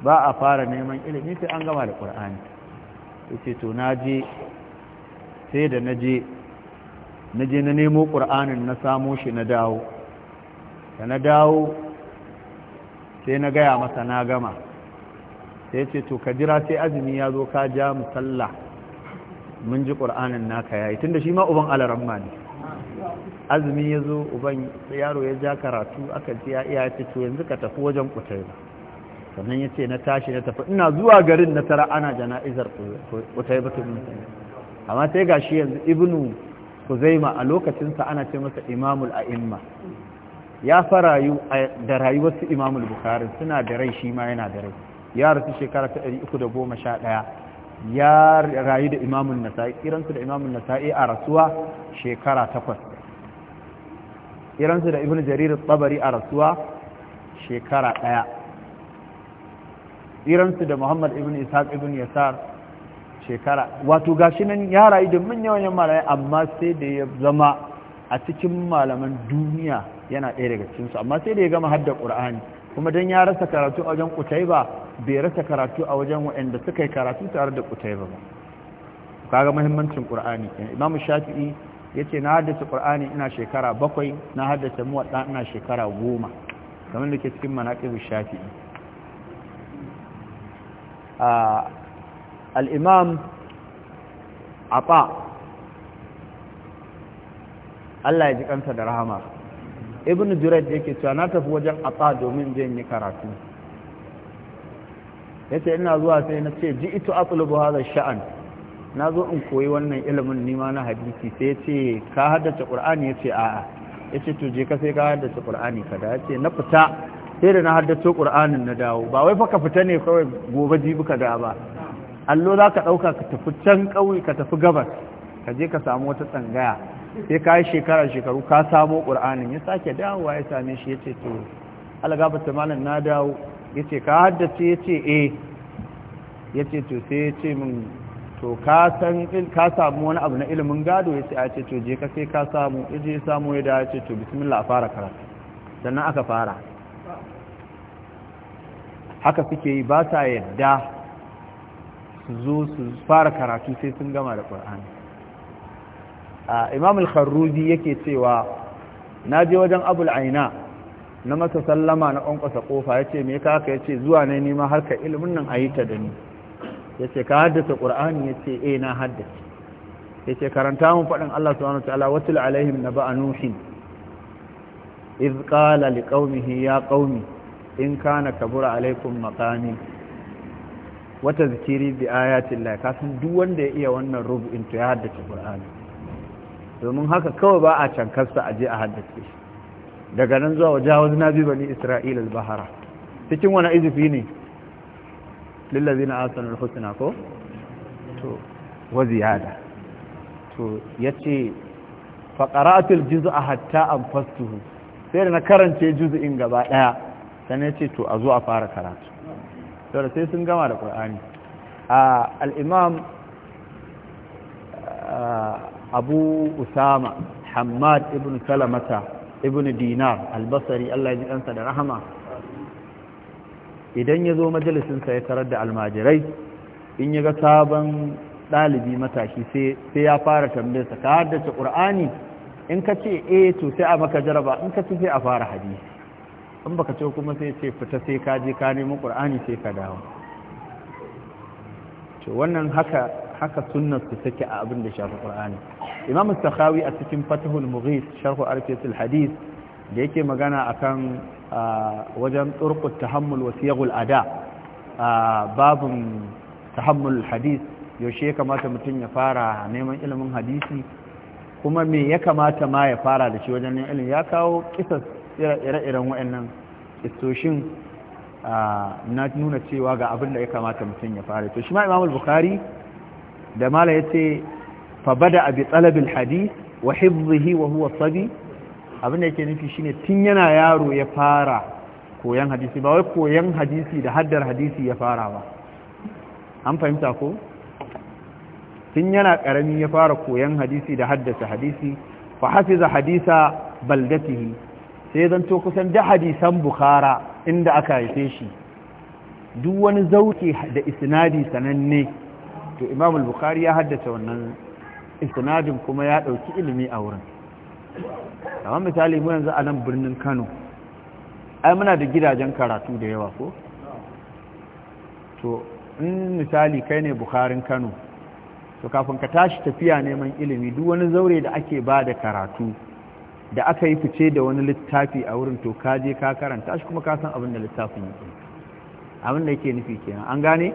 ba a fara neman ilimi sai an gama da qur'ani yace to na je sai da naje naje na nemo qur'anin na samo shi na dawo da na dawo sai na gaya masa na gama sai ce to ka jira sai azumi ya zo ka ja musalla mun ji ƙur'anin naka yayi tunda shi ma uban alaramma ne azumi ya zo uban yaro ya ja karatu aka ce ya iya fito to yanzu ka tafi wajen kutaiba sannan ya ce na tashi na tafi ina zuwa garin na tara ana jana'izar kutaiba tun mutane amma sai ga shi yanzu ibnu kuzaima a lokacinsa ana ce masa imamul a'imma ya fara da rayuwarsu imamul bukari suna da rai shi ma yana da rai ya rasu shekara ta 311 ya rayu da imamul nasa'i iransu da imamul nasa'i a rasuwa shekara takwas iransu da ibn jarir tsabari a rasuwa shekara ɗaya iransu da muhammad ibn ishaq ibn yasar shekara wato gashi nan ya rayu da manyan yawan malaye amma sai da ya zama a cikin malaman duniya yana ɗaya daga cikinsu amma sai da ya gama hadda qur'ani. kuma don ya rasa karatu a wajen kutaiba bai rasa karatu a wajen waɗanda suka yi karatu tare da kutaiba ba kaga muhimmancin ƙur'ani imamu shafi'i yace na haddace qur'ani ina shekara bakwai na haddace muwadda ina shekara goma kamar da ke cikin manaqibu shafi'i a al-imam ata Allah ya ji kansa da rahama ibn jurayj yake cewa na tafi wajen ata domin zan yi karatu yace ina zuwa sai na ce ji ito atlubu hadha sha'an na zo in koyi wannan ilimin nima na hadisi sai ya ce ka haddace ƙur'ani ya ce a'a ya ce to je ka sai ka haddace ƙur'ani ka da ya ce na fita sai da na haddace ƙur'anin na dawo ba wai fa ka fita ne kawai gobe jibi ka da ba allo za ka ɗauka ka tafi can ƙauye ka tafi gabas ka je ka samu wata tsangaya sai ka yi shekara shekaru ka samo ƙur'anin ya sake dawowa ya same shi ya ce to algaba ta malam na dawo ya ce ka haddace ya ce eh ya ce to sai ya ce min to ka san ka samu wani abu na ilimin gado ya ce a ce to je ka sai ka samu ya samu ya da ya ce to bismillah a fara karatu sannan aka fara haka suke yi ba sa yadda su zo su fara karatu sai sun gama da ƙwar'ani imam al-kharruzi yake cewa na je wajen abul aina na masa sallama na ƙwanƙwasa ƙofa ya ce me kaka ya ce zuwa ne nema harka ilimin nan a yi ta da ni ya ce ka haddasa ƙur'ani ya ce eh na haddasa ya ce karanta mun faɗin Allah su wani ta'ala wasu alaihim na ba'a nufin iz qala ya ƙaumi in kana kabura alaikum maƙani wata zikiri bi ayatin lai kasan duk wanda ya iya wannan rubu'in to ya haddace ƙur'ani domin haka kawai ba a cankarsa a je a haddace daga nan zuwa na bi bani isra'ila al-bahara cikin wani izifi ne na ahsanul husna ko to wa ziyada to ya ce fa jizu a hatta an fastuhu, sai da na karance in gaba ɗaya sai ne ce to a zo a fara karatu saboda sai sun gama da ƙur'ani. a al-imam abu usama Hamad ibn salamata ibn dinar albasari Allah ya ji ɗansa da rahama idan ya zo majalisinsa ya tarar da almajirai in ya ga sabon ɗalibi matashi sai ya fara tambayarsa ka haddace ƙur'ani in ka ce e to sai a maka jaraba in ka ce sai a fara hadisi in baka ce kuma sai ce fita sai ka je ka nemi ƙur'ani sai ka dawo to wannan haka haka sunnar su take a abin da shafi ƙur'ani imam sakhawi a cikin fatahul mughis sharhu arkatul hadith da yake magana akan wajen turkut tahammul wa siyagul ada babun tahammul hadis yaushe ya kamata mutum ya fara neman ilimin hadisi kuma me ya kamata ma ya fara da shi wajen neman ilimin ya kawo kisas ire-iren waɗannan istoshin na nuna cewa ga abin da ya kamata mutum ya fara to shi ma imamul bukhari da mala ya ce fa bada abi talabil hadis wa hifzihi wa huwa sabi abin da yake nufi shine tun yana yaro ya fara koyan hadisi ba wai koyan hadisi da haddar hadisi ya fara ba an fahimta ko tun yana karami ya fara koyan hadisi da haddasa hadisi fa hafiza hadisa baldatihi sai zan to kusan da hadisan bukhara inda aka haife shi duk wani zauke da isnadi sananne to imam bukhari ya haddace wannan isnadin kuma ya dauki ilimi a wurin amma misali mu yanzu a nan birnin kano ai muna da gidajen karatu da yawa ko to in misali kai ne bukarin kano to kafin ka tashi tafiya neman ilimi duk wani zaure da ake ba da karatu da aka yi fice da wani littafi a wurin to kaje ka karanta shi kuma ka san abin da littafin yake abin da yake nufi kenan an gane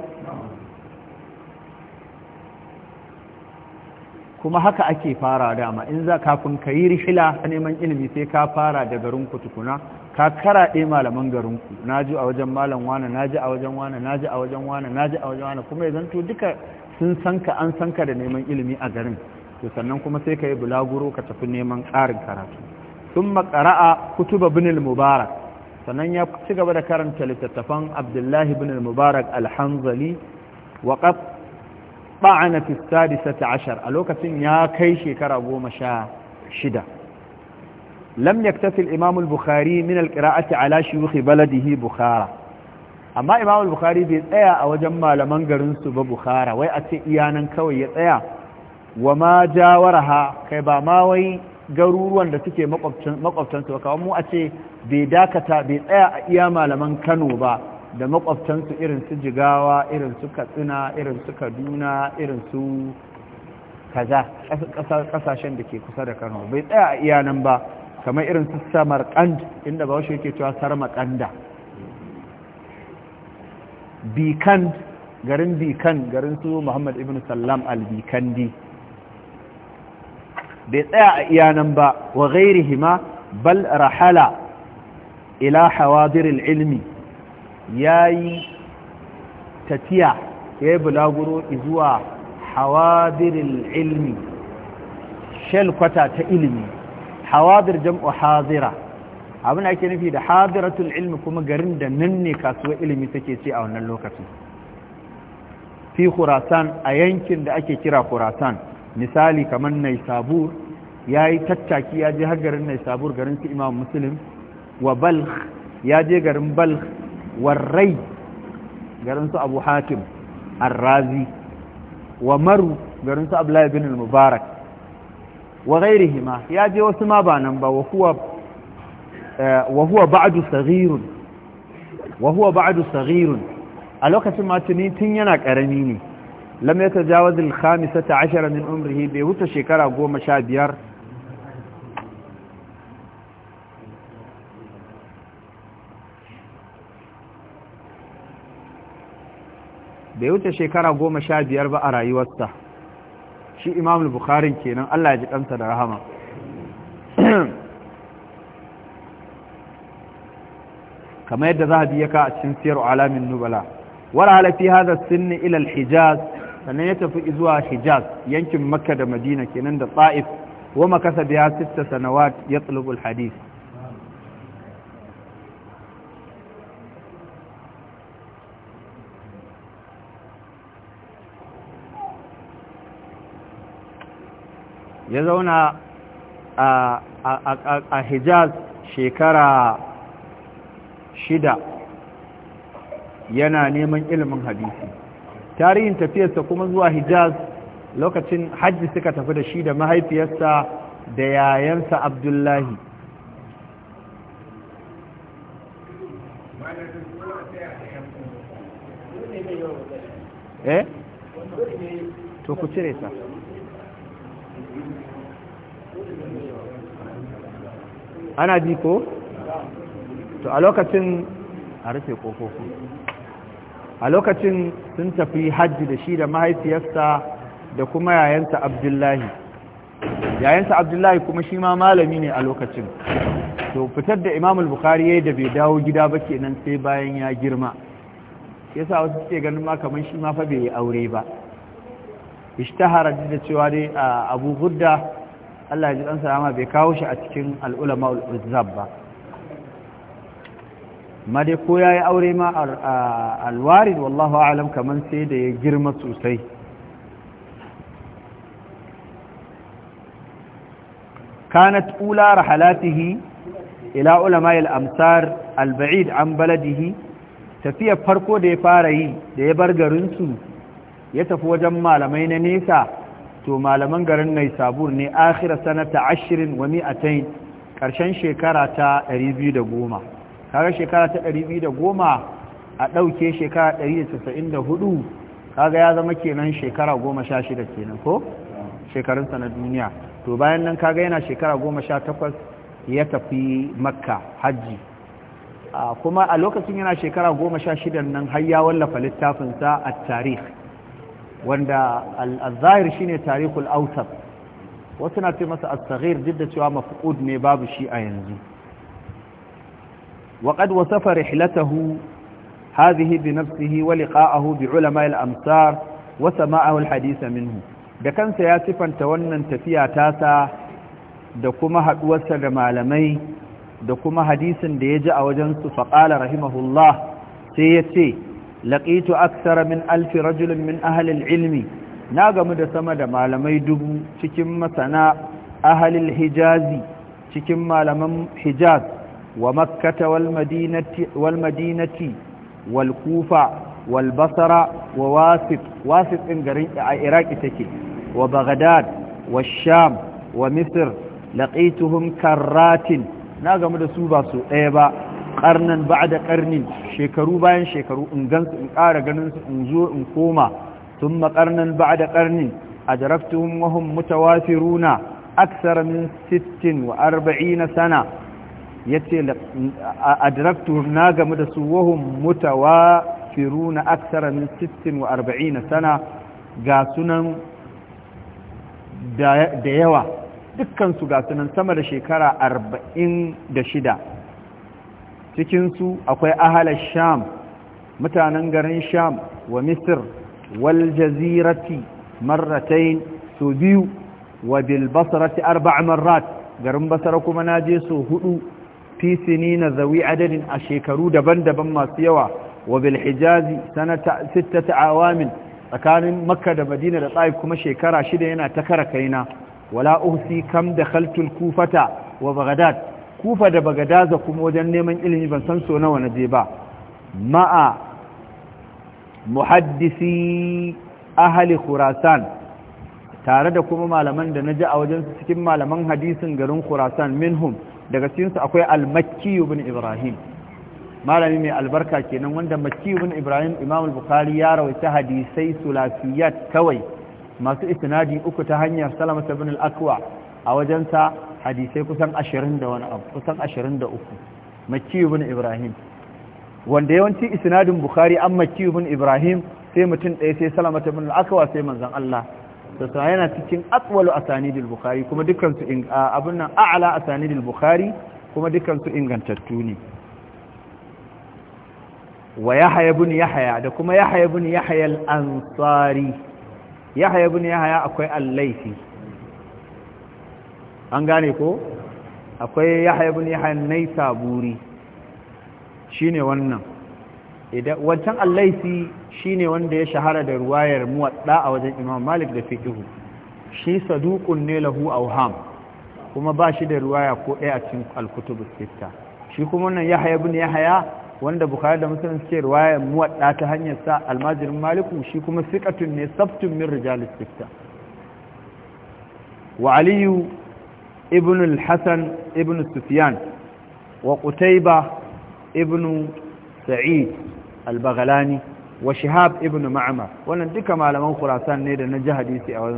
kuma haka ake fara dama in za kafin ka yi rihila neman ilimi sai ka fara da garinku tukuna ka karaɗe malaman garinku na ji a wajen malam wane na ji a wajen wane na ji a wajen wane na ji a wajen wane kuma ya to duka sun san an sanka da neman ilimi a garin to sannan kuma sai ka yi bulaguro ka tafi neman ƙarin karatu sun makara'a kutuba binil mubarak sannan ya ci gaba da karanta littattafan abdullahi binil mubarak alhanzali wa ba'ana fi sadisata ashar a lokacin ya kai shekara goma sha shida lam yaktafi al-imam al-bukhari min al-qira'ati ala shuyukh baladihi bukhara amma imamul bukhari bai tsaya a wajen malaman garinsu ba bukhara wai a ce iyanan kawai ya tsaya wa ma jawaraha kai ba ma wai garuruwan da suke makwabtan su ba kawai mu a ce bai dakata bai tsaya a iya malaman Kano ba da makwabtansu irin su jigawa irin su katsina irin su kaduna irin su kaza kasashen da ke kusa da kano bai tsaya a iyanan ba kamar irin su samarkand inda ba washe yake cewa sarmakanda bikan garin bikan garin su muhammad ibn sallam al-bikandi bai tsaya a iyanan ba wa gairihima bal rahala ila hawadir ilmi ya yi tafiya ya yi bulaguro zuwa hawadirin ilmi kwata ta ilimi hawadir jam'o hazira abin ake nufi da hadiratul ilmi kuma garin da nan ne kasuwar ilmi take ce a wannan lokacin fi khurasan a yankin da ake kira kurasan misali kamar sabur ya yi tattaki ya je har garin sabur garin su imam musulun wa balkh ya je garin balkh warrai garinsu abu Hakim arrazi wa maru garinsu su abdullahi bin mubarak wa ghairihima ya je wasu ma ba nan ba wa huwa eh, wa saghirun wa huwa ba'du saghirun a lokacin ma tun yana karami ne lam yatajawaz al-khamisata 10 min umrihi bai wuce shekara 15 bai wuce shekara goma sha biyar ba a rayuwarsa shi imam bukharin kenan allah ya ji ɗansa da rahama kamar yadda za a ya ka a cikin siyar alamin nubala wala halafi hada sinni ilal hijaz sannan ya tafi zuwa hijaz yankin makka da madina kenan da tsa'if wa makasa biya sita sanawat ya tsulubul hadith ya zauna a hijaz shekara shida yana neman ilimin hadisi tarihin tafiyarsa kuma zuwa hijaz lokacin hajji suka tafi da shi da mahaifiyarsa da yayansa abdullahi eh to ku cire ta ana ji ko to a lokacin a rufe kofofi a lokacin sun tafi hajji da shi da mahaifiyarsa da kuma yayanta abdullahi yayansa abdullahi kuma shi ma malami ne a lokacin to fitar da imamul bukhari ya da bai dawo gida ba kenan sai bayan ya girma yasa wasu suke ganin ma kamar shi ma fa bai yi aure ba ishtahara da cewa dai abu gudda Allah ji ɗansa amma bai kawo shi a cikin al'ulama al'uzab ba ma dai ko ya yi aure ma alwari wallahu alam kamar sai da ya girma sosai kanat ula rahalatihi ila ulama al'amsar alba'id an baladihi tafiyar farko da ya fara yi da ya bar garinsu ya tafi wajen malamai na nesa to malaman garin nai sabur ne akhira sanata ashirin wa mi'atain karshen shekara ta 210 kaga shekara ta 210 a ɗauke shekara 194 kaga ya zama kenan shekara 16 kenan ko shekarunsa na duniya to bayan nan kaga yana shekara 18 ya tafi makka hajji kuma a lokacin yana shekara 16 nan har ya wallafa littafinsa a tarihi wanda al-zahir shine tarihul awsat wasu na ce masa as-saghir duk da cewa mafqud ne babu shi a yanzu wa qad wasafa rihlatahu hadhihi bi nafsihi wa liqa'ahu bi ulama al-amsar wa sama'ahu al-hadith minhu da kansa ya sifanta wannan tafiya tasa da kuma haduwarsa da malamai da kuma hadisin da ya ji a wajen su faqala rahimahullah sai ya ce laqitu akthara min alf rajul min ahli na gamu da sama da malamai dubu cikin masana ahli hijazi cikin malaman hijaz wa makkah wal madinati wal kufa wal basra wa wasif wasif din garin iraki take wa baghdad wa sham wa misr laqituhum karratin na gamu da su ba su ɗaya ba karnan ba da karnin shekaru bayan shekaru in gansu in ƙara ganin su in zo in koma sun makarnan ba da karnin a jarabtun wahun runa aksara min 60 wa 40 sana ya ce a jarabtun na game da su wahun runa aksara min 60 wa 40 sana ga sunan da yawa dukkansu ga sunan sama da shekara arba'in da shida cikinsu akwai ahalar sham mutanen garin sham wa misir wal jazirati marratain su biyu wa bilbasarati arba'a marrat garin basara kuma na je su hudu fi sinina zawi adadin a shekaru daban-daban masu yawa wa bilhijazi sanata sittata awamin tsakanin makka da madina da tsaif kuma shekara shida yana ta kara kaina wala uhsi kam da khaltul kufata wa baghdad kufa da baga daza kuma wajen neman ilimi ban san so nawa na je ba ma'a muhaddisi ahali khurasan tare da kuma malaman da na ji a su cikin malaman hadisin garin khurasan minhum daga cikinsu akwai al-makki ibn ibrahim malami mai albarka kenan wanda makki ibn ibrahim imam al-bukhari ya rawaita hadisai sulasiyat kawai masu isnadi uku ta hanyar salama ibn al-akwa a wajen sa. hadisai kusan ashirin da wani abu kusan ashirin da uku maki ibn ibrahim wanda yawanci isnadin bukhari an maki ibn ibrahim sai mutum ɗaya sai salamata bin al'akawa sai manzan allah da sa yana cikin a sanidin bukhari kuma dukansu abin nan a'ala sanidin bukhari kuma dukansu ingantattu ne wa bin ya haya da kuma yahya ibn yahya ya haya bin ya haya akwai allaifi an gane ko akwai yahya nai saburi shi shine wannan idan wancan allaisi shine wanda ya shahara da ruwayar muwadda a wajen imam malik da fiƙihu shi sadukun ne lahu auham kuma ba shi da ruwaya ko ɗaya a cikin alkutubus sita shi kuma wannan haibu ne haya wanda bukari da musulun suke ruwayar muwadda ta hanyar sa almajirin maliku shi kuma siqatun ne sabtun min rijalis wa aliyu ابن الحسن ابن سفيان وقتيبة ابن سعيد البغلاني وشهاب ابن معمر ولنذكر معلم خراسان نيد نجا حديثي اوز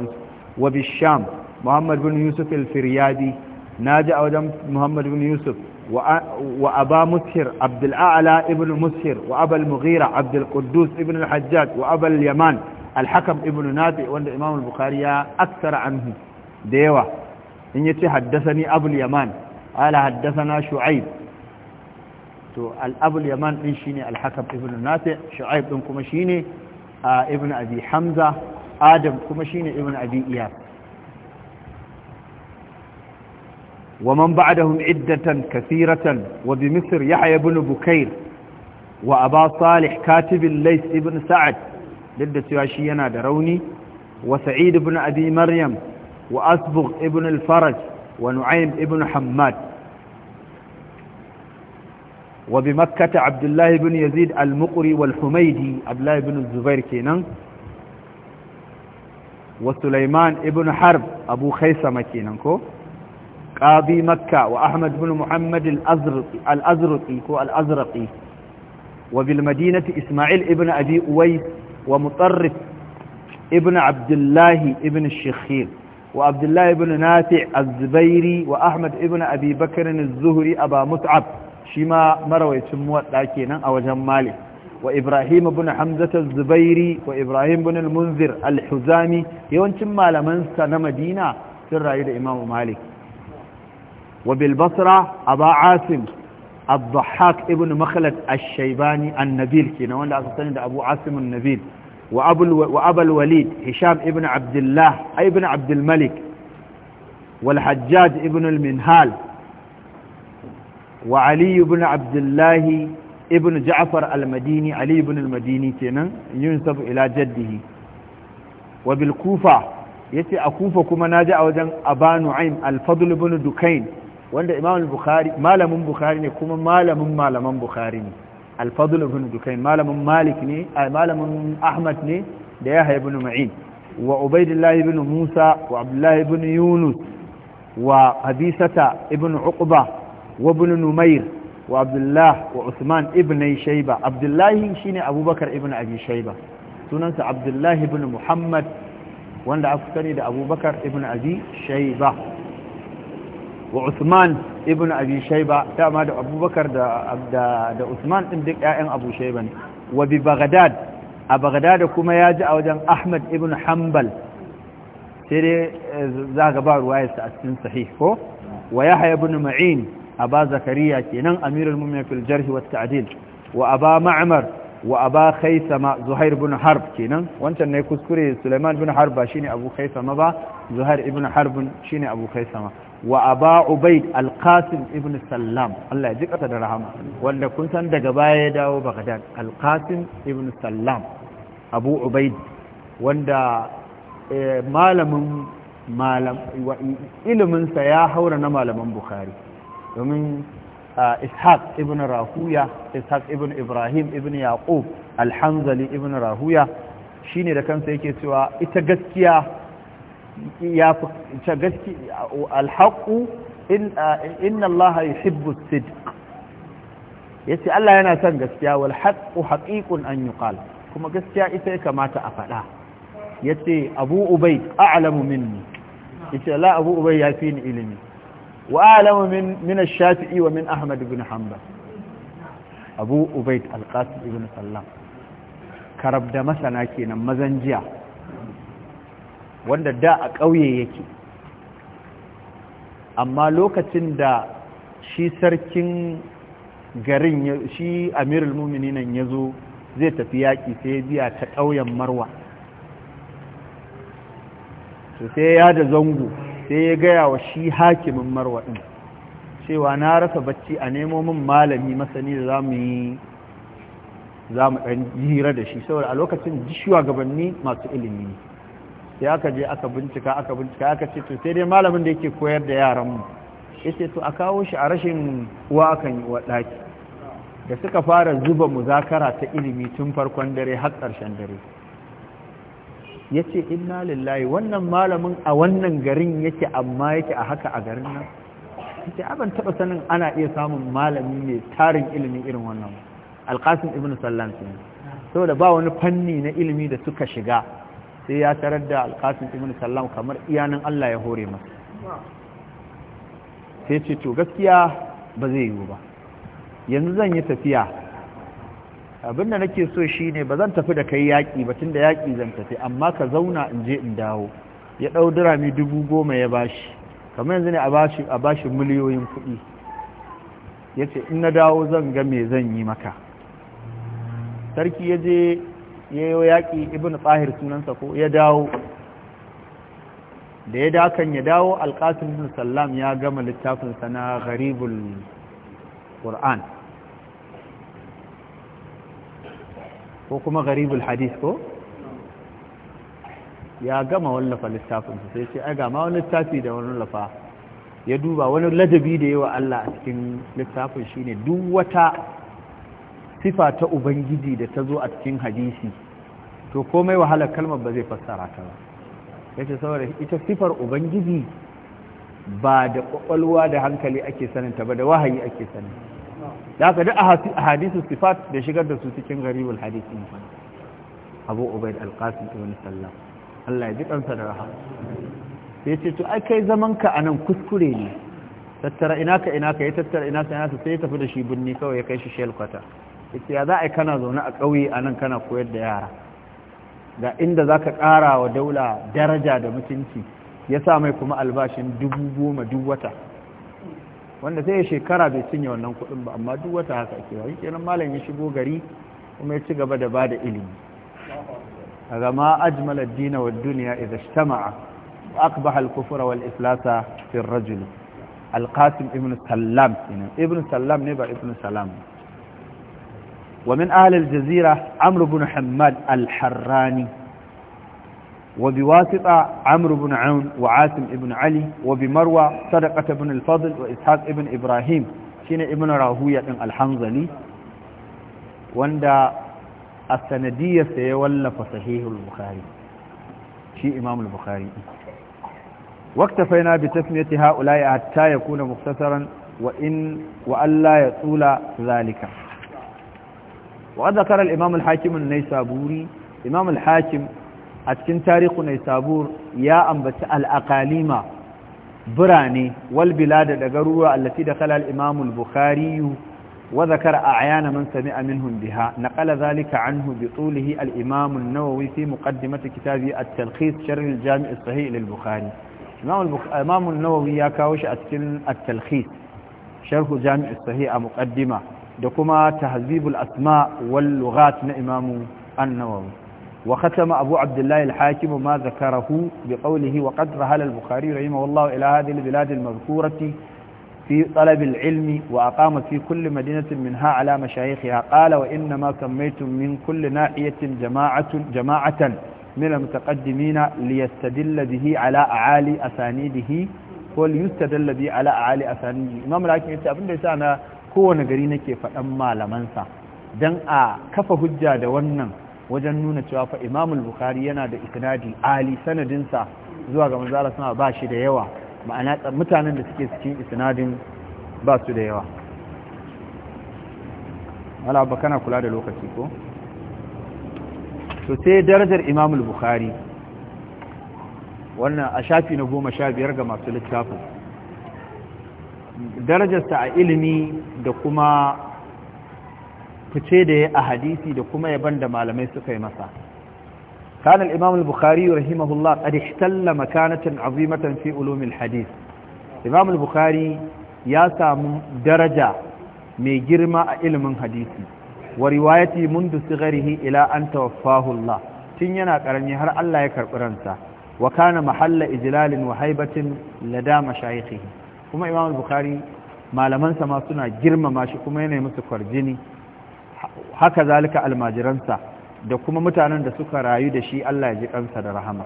وبالشام محمد بن يوسف الفريادي ناجا اوزم محمد بن يوسف وابا مسهر عبد الاعلى ابن مسهر وابا المغيرة عبد القدوس ابن الحجاج وابا اليمان الحكم ابن نافع وان البخاري اكثر عنه ديوه in yace haddasani abul yaman ala haddasana shu'aib to al-abul yaman din shine al-hakam ibn nafi shu'aib din kuma shine ibn abi hamza adam kuma shine ibn abi iyas ومن بعدهم عدة كثيرة وبمصر يحيى بن بكير وأبا صالح كاتب الليث بن سعد لدى da rauni وسعيد بن أبي مريم وأسبغ ابن الفرج ونعيم ابن حماد وبمكة عبد الله بن يزيد المقري والحميدي عبد الله بن الزبير كينان وسليمان ابن حرب أبو خيسة مكينان كو قاضي مكة وأحمد بن محمد الأزرقي الأزرقي كو الأزرقي وبالمدينة إسماعيل ابن أبي أويس ومطرف ابن عبد الله ابن الشخير وعبد الله بن نافع الزبيري وأحمد ابن أبي بكر الزهري أبا متعب شما مروي تموت لكن أوجه مالك وإبراهيم بن حمزة الزبيري وإبراهيم بن المنذر الحزامي يوان تما لمن سنة مدينة سر إلى إمام مالك وبالبصرة أبا عاصم الضحاك ابن مخلد الشيباني النبيل كنا وانا أستند أبو عاصم النبيل وأبا الوليد هشام ابن عبد الله أي ابن عبد الملك والحجاج ابن المنهال وعلي بن عبد الله ابن جعفر المديني علي بن المديني كنا ينسب إلى جده وبالكوفة yace a kufa kuma na ji a wajen aba nu'aim alfadul ibn dukain wanda imam bukhari malamin bukhari ne kuma malamin malaman bukhari ne alfadul ibn dukain malamin malik malamin ahmad ne da yahya ibn ma'in wa ubaidillah ibn musa wa abdullah ibn yunus wa habisata ibn uqba wa ibn numair wa abdullah wa usman ibn shayba abdullah shine abubakar ibn abi shayba sunansa abdullah ibn muhammad wanda aka sani da abubakar ibn abi shayba wa usman ibn abi dama da abubakar da da usman din duk ƴaƴan abu shaiba ne wa bi baghdad a baghdad kuma ya ji a wajen ahmad ibn hanbal sai da eh, za ga ba ruwayarsa a cikin sahih ko wa yahya ibn ma'in aba zakariya kenan amirul mu'minin fil jarh wa ta'dil wa aba ma'mar wa aba khaisama zuhair ibn harb kenan wancan ne kuskure sulaiman ibn harb ba shine abu khaisama ba zuhair ibn harb shine abu khaisama wa aba ubaid alqasim ibn sallam Allah ya ji kasa da rahama wanda kun san daga baya ya dawo baghdad alqasim ibn sallam abu ubaid wanda eh, malamin malam iliminsa ya haura na malaman bukhari domin ishaq ibn rahuya ishaq ibn ibrahim ibn yaqub alhanzali ibn rahuya shine da kansa yake cewa ita gaskiya ya fi gaski alhaƙu inna Allah ya hibbu sidq ya ce Allah yana son gaskiya wal haƙu haƙiƙun an yi kuma gaskiya ita ya kamata a faɗa ya ce abu ubai a'alamu minni ya ce la abu ubai ya fi ni ilimi wa a'alamu min shafi'i wa min ahmad ibn hanbal abu ubai alƙasir ibn sallam karab da masana kenan mazan jiya wanda da a ƙauye yake amma lokacin da shi sarkin garin shi amirul nan ya zo zai tafi yaƙi sai biya ta ƙauyen marwa to sai ya da zango sai ya gaya wa shi hakimin marwa ɗin cewa na rasa bacci a nemo min malami masani da za mu yi za mu ɗan jira da shi saboda a lokacin gabanni masu ilimi ne sai aka je aka bincika aka bincika aka ce to sai dai malamin da yake koyar da yaran mu yace to a kawo shi a rashin uwa akan yi wadaki da suka fara zuba muzakara ta ilimi tun farkon dare har ƙarshen dare yace inna lillahi wannan malamin a wannan garin yake amma yake a haka a garin nan yace aban taba sanin ana iya samun malami mai tarin ilimi irin wannan alqasim ibn sallam saboda ba wani fanni na ilimi da suka shiga sai ya tarar da alkasin ibn sallam kamar iyanin Allah ya hore masa sai ce to gaskiya ba zai yiwu ba yanzu zan yi tafiya abin da nake so shi ne ba zan tafi da kai yaƙi ba tun da yaƙi zan tafi amma ka zauna in je in dawo ya ɗau dirami dubu goma ya bashi kamar yanzu ne a bashi miliyoyin kuɗi ya ce in na dawo zan ga me zan yi maka sarki ya je yayo yaƙi ibn tsahir sunansa ko ya dawo da ya dakan ya dawo alƙasin ibn sallam ya gama littafinsa na gharibul ƙur'an ko kuma gharibul hadith ko ya gama wallafa littafinsa sai ce aga ma wani littafi da wani lafa ya duba wani ladabi da yawa Allah a cikin littafin shine duk wata sifa ta ubangiji da ta zo a cikin hadisi to komai wahalar kalmar ba zai fassara ta ba ce saboda ita sifar ubangiji ba da kwakwalwa da hankali ake ta ba da wahayi ake sanin da aka da hadisu sifat da shigar da su cikin garibul hadisi abu ubaid alqasim ibn sallam Allah ya ji kansa da rahama sai ce to ai kai zaman ka anan kuskure ne tattara ina ka ina ka ya tattara ina ka ina ka sai ya tafi da shi binni kawai ya kai shi shelkwata yace ya za a kana zaune a ƙauye anan kana koyar da yara da inda za ka ƙara wa daula daraja da mutunci ya sa mai kuma albashin dubu goma duk wata wanda sai ya shekara bai cinye wannan kuɗin ba amma duk wata haka ake wani kenan malam ya shigo gari kuma ya ci gaba da ba da ilimi a gama ajmalar dina wa duniya idan shtama'a aka al-kufra wal iflasa fi rajuli al ibn sallam ibn sallam ne ba ibn salam ومن أهل الجزيرة عمرو بن حماد الحراني وبواسطة عمرو بن عون وعاسم بن علي وبمروى صدقة بن الفضل وإسحاق بن إبراهيم شين ابن راهوية الحنظلي واندى السندية سيولف صحيح البخاري شيء إمام البخاري واكتفينا بتسمية هؤلاء حتى يكون مختصرا وإن وألا يطول ذلك وذكر الإمام الحاكم النيسابوري إمام الحاكم أتكن تاريخ النيسابور يا أنبت الأقاليم براني والبلاد دقروا التي دخل الإمام البخاري وذكر أعيان من سمع منهم بها نقل ذلك عنه بطوله الإمام النووي في مقدمة كتابه التلخيص شر الجامع الصحيح للبخاري إمام, البخ... إمام النووي يا كاوش أتكن التلخيص شرح جامع الصحيح مقدمة da kuma tahzibul asma wal lughat na imam an-nawawi wa khatama abu abdullah al ma zakarahu bi qawlihi wa qad rahala al-bukhari rahimahullah ila hadhihi al-bilad fi talab al wa aqama fi kulli madinatin minha ala mashayikhiha qala wa inna ma kammaytum min kulli na'iyatin jama'atan jama'atan min al-mutaqaddimin liyastadilla bihi ala a'ali asanidihi qul yustadilla ala a'ali asanidihi imam al-hakim yace abinda yasa na kowane gari nake faɗan malamansa don a kafa hujja da wannan wajen nuna cewa fa imamul bukhari yana da isnadi ali sanadinsa zuwa ga manzala sama ba shi da yawa ma'ana mutanen da suke cikin isnadin ba su da yawa wala kana kula da lokaci ko to sai darajar imamul bukhari wannan a shafi na goma sha biyar ga masu littafin darajarsa a ilimi da kuma fice da ya a hadisi da kuma yaban da malamai suka yi masa kanin imam al-bukhari wa rahimahullah a dikhtalla makanatin azimatan fi ulumin hadis imam al-bukhari ya samu daraja mai girma a ilimin hadisi wa riwayati mundu sigarihi ila an tawaffahullah tun yana karami har Allah ya karɓi ransa wa kana mahalla ijlalin wa haibatin lada mashayikhihi kuma imam bukhari malamansa ma suna girmama shi kuma yana musu kwarjini haka zalika almajiransa da kuma mutanen da suka rayu da shi Allah ya ji kansa da rahama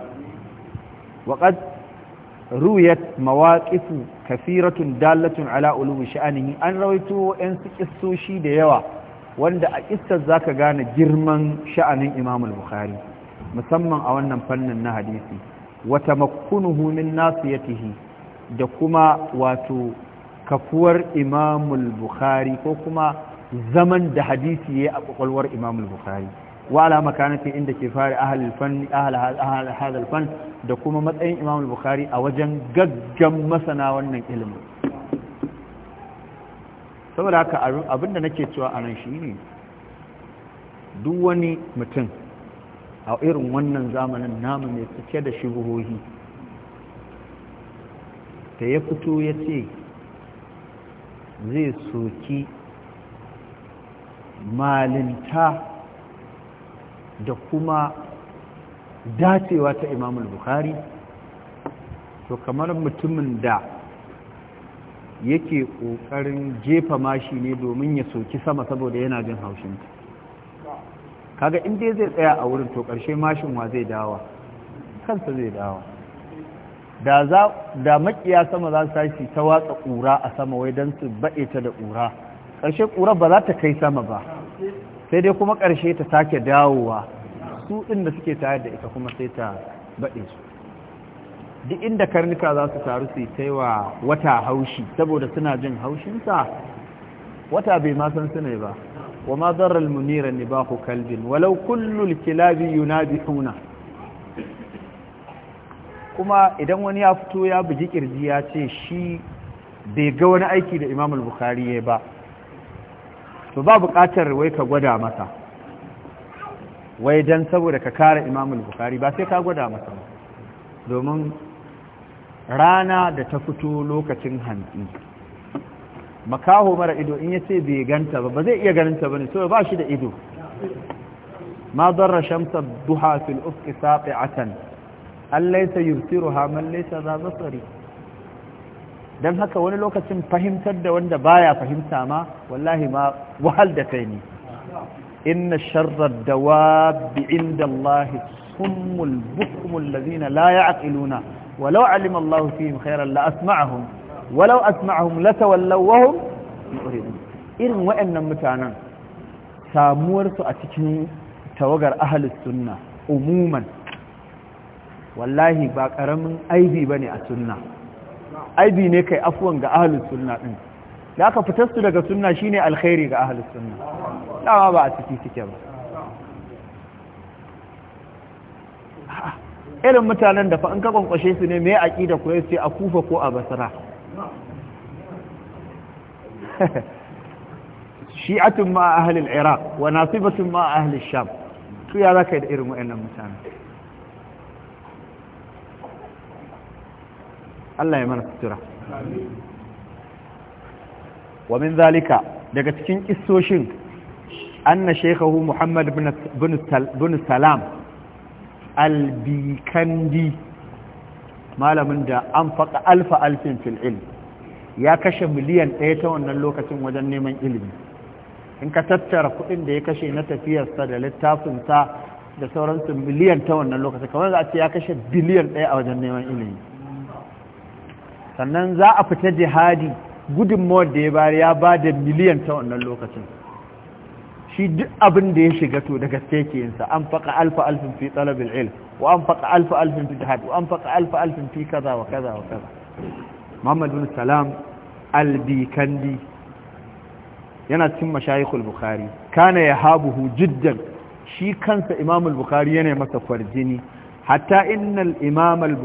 waqad ruyat mawaqif kathiratun dalatun ala ulumi sha'anihi an rawaito yan kissoshi da yawa wanda a kissar zaka gane girman sha'anin imam al-bukhari musamman a wannan fannin na hadisi wa tamakkunuhu min nasiyatihi da kuma wato kafuwar imamul bukhari ko kuma zaman da hadisi ya a kwakwalwar imamul bukhari wa ala makanati inda ke fara ahal fanni fan da kuma matsayin imamul bukhari a wajen gaggan masana wannan ilimin saboda haka abinda nake cewa anan nan ne duk wani mutum a irin wannan zamanin namu mai cike da shubuhohi da ya fito ya ce zai soki malinta da kuma dacewa ta imamul bukhari to kamar mutumin da yake ƙoƙarin jefa mashi ne domin ya soki sama saboda yana jin ta kaga inda zai tsaya a wurin to ƙarshe mashin wa zai dawa kansa zai dawa da maƙiya makiya sama za su tashi ta watsa ƙura a sama wai don su baɗe ta da ƙura ƙarshe ƙura ba za ta kai sama ba sai dai kuma ƙarshe ta sake dawowa su inda suke tayar da ita kuma sai ta baɗe su duk inda karnuka za su taru su yi wa wata haushi saboda suna jin haushinsa wata bai ma san su ne ba wa ma zarar munira ne ba ku kalbin walau kullul kilabi yuna bi huna kuma idan wani ya fito ya bugi kirji ya ce shi bai ga wani aiki da imamul bukhari ya ba to ba buƙatar wai ka gwada masa wai don saboda ka kare imamul bukhari ba sai ka gwada masa domin rana da ta fito lokacin hantsi makaho mara ido in ya ce bai ganta ba ba zai iya ganinta ba ne so ba shi da ido ma zarra shamsa duha fil ufqi saqi'atan allaisa yubsiruha man laysa za basari dan haka wani lokacin fahimtar da wanda baya fahimta ma wallahi ma wahal da kai ne inna sharra dawabi inda Allah summul bukmul ladina la ya'qiluna walau alima Allah fihim khairan la asma'ahum walau asma'ahum latawallaw wa hum yuridun irin wa'annan mutanen samuwarsu a cikin tawagar ahlus sunna umuman wallahi ba ƙaramin aibi ba ne a sunna aibi ne kai afuwan ga ahalus sunna ɗin da aka fitar su daga sunna shine alkhairi ga ahalus sunna dama ba a ciki suke ba irin mutanen da fa an ka kwankwashe su ne mai da kuwa sai a kufa ko a a shi'atun ma ahlul iraq wa nasibatun ma ahalin sham za ya yi da irin nan mutanen Allah ya mana sutura wa min zalika daga cikin kissoshin anna shekahu Muhammad bin Salam al-Bikandi malamin da an faɗa alfa alfin fil ilm ya kashe miliyan ɗaya ta wannan lokacin wajen neman ilimi in ka tattara kuɗin da ya kashe na tafiyarsa da littafinsa da sauransu miliyan ta wannan lokacin kamar za a ce ya kashe biliyan ɗaya a wajen neman ilimi sannan za a fita jihadi gudunmawar da ya bari ya ba da miliyan ta wannan lokacin shi duk abin da ya shiga to daga gaske an faƙa alfa alfin fi talabin il wa an faƙa alfa alfin fi jihad wa an faƙa alfa alfin fi kaza wa kaza wa kaza Muhammadu bin salam albikandi yana cin mashayikul bukhari kana ya habuhu jiddan shi kansa imamul bukhari yana masa kwarjini hatta innal imamal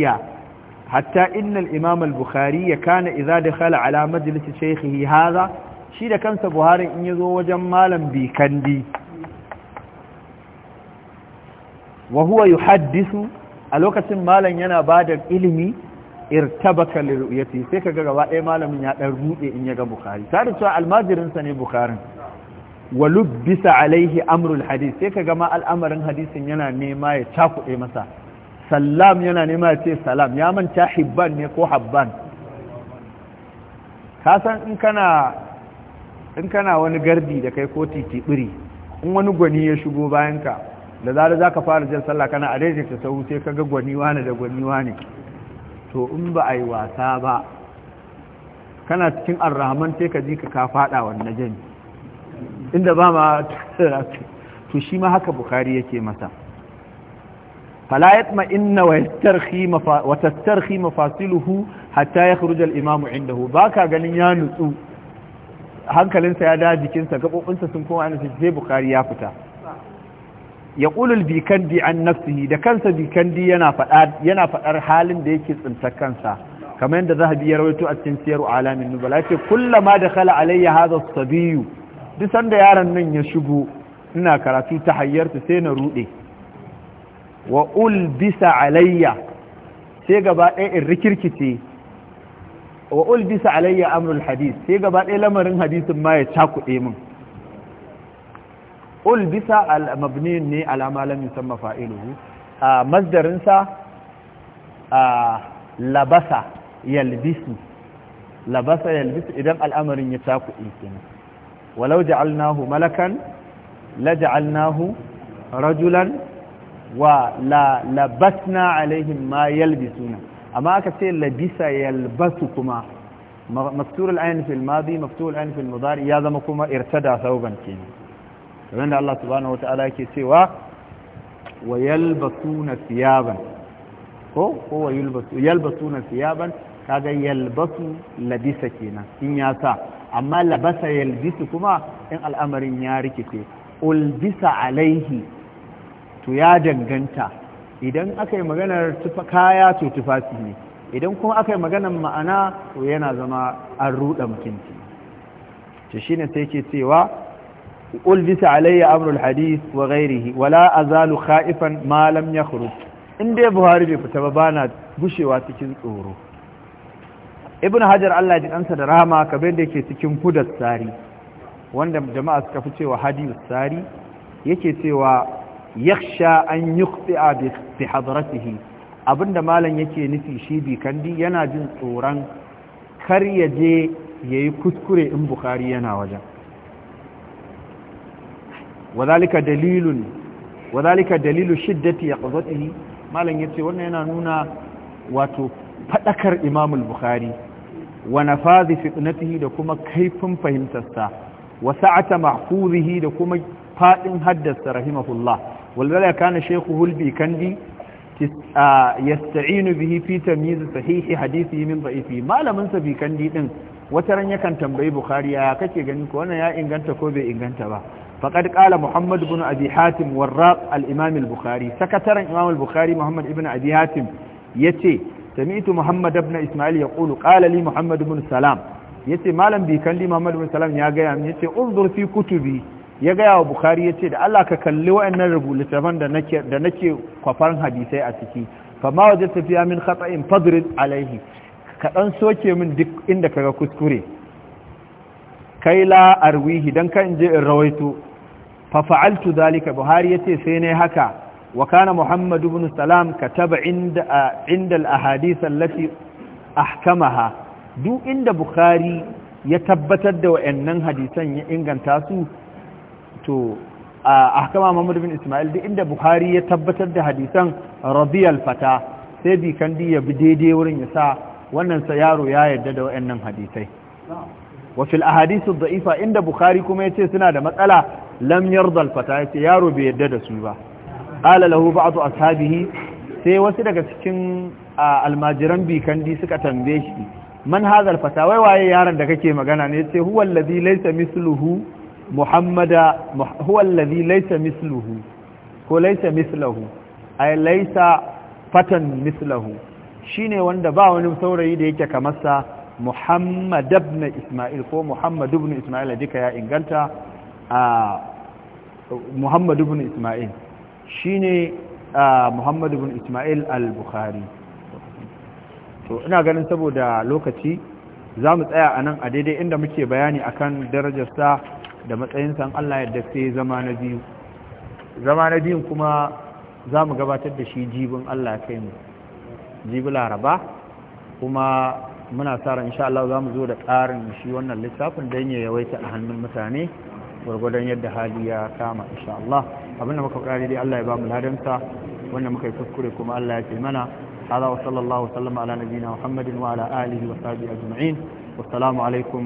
ya. hatta innal imamal al-bukhari ya kana idza dakhala ala majlis shaykhihi hadha shi da kansa buhari in yazo wajen malam bikandi wa huwa haddisu a lokacin malam yana bada ilimi irtabaka liruyati sai kaga gaba ɗaya malamin ya dan rude in yaga ga bukhari tare cewa almajirin ne bukharin wa lubbisa alaihi amrul Hadis sai ka ma al'amarin hadisin yana nema ya cakuɗe masa sallam yana nema ce salam ya manta hibban ne ko habban kasan in kana wani gardi da kai ko titibiri in wani gwani ya shigo bayanka da zara za ka fara jan sallah kana a ta sahu sai kaga ga gwani wane da gwani wane to in ba a yi wasa ba kana cikin arrahaman sai ka ji ka ka fada wannan jami inda ba ma to shi ma haka bukari yake masa fala yatma inna wa yastarhi wa tastarhi mafasiluhu hatta yakhruj al imamu indahu baka ganin ya nutsu hankalinsa ya da jikinsa gabobinsa sun koma ana sai bukhari ya fita Ya ƙulul bikandi an nafsihi da kansa bikandi yana faɗar yana halin da yake tsintar kansa kamar yadda zahabi ya rawaito a cikin siyar alamin nubala yace kullama kala alayya hadha as duk sanda yaron nan ya shigo ina karatu ta hayyarta sai na rude wa ulbisa alayya sai gaba ɗaya in rikirkice wa ulbisa alayya amrul hadis sai gaba ɗaya lamarin hadisin ma ya cakuɗe min ulbisa al-mabni ne alama lam yusamma fa'iluhu a masdarin sa labasa yalbisu labasa yalbisu idan al'amarin ya cakuɗe kin walau ja'alnahu malakan la ja'alnahu rajulan wa la labasna alaihim ma yalbisuna amma aka ce labisa yalbasu kuma مكتور العين في الماضي مكتور الآن في المضارع يا ذمكما ارتدى ثوبا كين فمن الله سبحانه وتعالى كي سوى ويلبسون ثيابا هو هو يلبس يلبسون ثيابا هذا يلبس لبس كينا إن ياسا أما لبس يلبسكما كما إن الأمر ياركتي ألبس عليه to ya danganta idan aka yi maganar kaya to tufafi ne idan kuma aka yi maganar ma'ana to yana zama an ruɗa mutunci to shi ne sai ke cewa uldita alayya amrul hadis wa ghairihi wala azalu ka'ifan malam lam yakhruj in dai buhari bai fita ba bana gushewa cikin tsoro ibn hajar Allah ya ansa da rahama kamar da yake cikin hudar tsari wanda jama'a suka fi cewa hadiyus tsari yake cewa yakhsha an yukhti'a bi hadratihi abinda malam yake nufi shi bikandi yana jin tsoron kar ya je yayi kuskure in bukhari yana wajen wadhalika dalilun wadhalika dalilu shiddati yaqzatihi malam yace wannan yana nuna wato fadakar imam al-bukhari wa nafazi fitnatihi da kuma kaifin fahimtarsa wa sa'ata mahfuzihi da kuma fadin haddasa rahimahullah ولذلك كان شيخه البيكندي yasta'inu bihi fi tamyiz sahihi hadisi min da'ifi malamin sa bi kandi din wataran yakan tambayi bukhari ya kake gani ko wannan ya inganta ko bai inganta ba faqad qala muhammad ibn abi hatim warraq bukhari sakataren imam al-bukhari muhammad ibn abi hatim yace sami'tu muhammad ibn isma'il yaqulu qala li muhammad ibn salam yace malam bi kandi muhammad ibn salam ya ga kutubi ya gaya wa bukari ya ce da Allah ka kalli wa'annan littafan da nake kwafar hadisai a ciki fama waje tafiya min khatsa'in fadrin alaihi ka ɗan soke min duk inda ka ga kuskure kai la arwihi don kan je in rawaito fa fa'altu zalika buhari ya ce sai ne haka wa kana muhammadu bin salam ka taba inda al ahkamaha duk inda bukari ya tabbatar da wa'annan hadisan ya inganta su to a ahkama Muhammad bin Ismail duk inda Bukhari ya tabbatar da hadisan Rabi'ul fata sai bi kandi ya bi daidai wurin ya sa wannan sa yaro ya yarda da wayannan hadisai wa fil ahadithu dha'ifa inda Bukhari kuma yace suna da matsala lam yarda al-fata yace yaro bai yarda da su ba qala lahu ba'd ashabihi sai wasu daga cikin almajiran bi di suka tambaye shi man hadha al-fata wai waye yaron da kake magana ne yace huwa alladhi laysa misluhu muhammada huwa alladhi misluhu ko laysa mislahu ay laysa fatan mislahu shine wanda ba wani saurayi da yake kamar sa muhammad ibn isma'il ko muhammad ibn isma'il dika ya inganta a muhammad ibn isma'il shine muhammad ibn isma'il al-bukhari to ina ganin saboda lokaci za mu tsaya a nan a daidai inda muke bayani akan darajarsa da matsayin san Allah yadda sai zama na biyu zama na biyun kuma za mu gabatar da shi jibin Allah kai mu jibi laraba kuma muna tsara insha Allah za mu zo da tsarin shi wannan littafin don ya yawaita a hannun mutane gwargwadon yadda hali ya kama insha Allah abin da muka ƙari dai Allah ya ba mu ladanta wanda muka yi kuskure kuma Allah ya ce mana hada wa sallallahu ala nabiyina Muhammadin wa ala alihi wa sahbihi ajma'in alaikum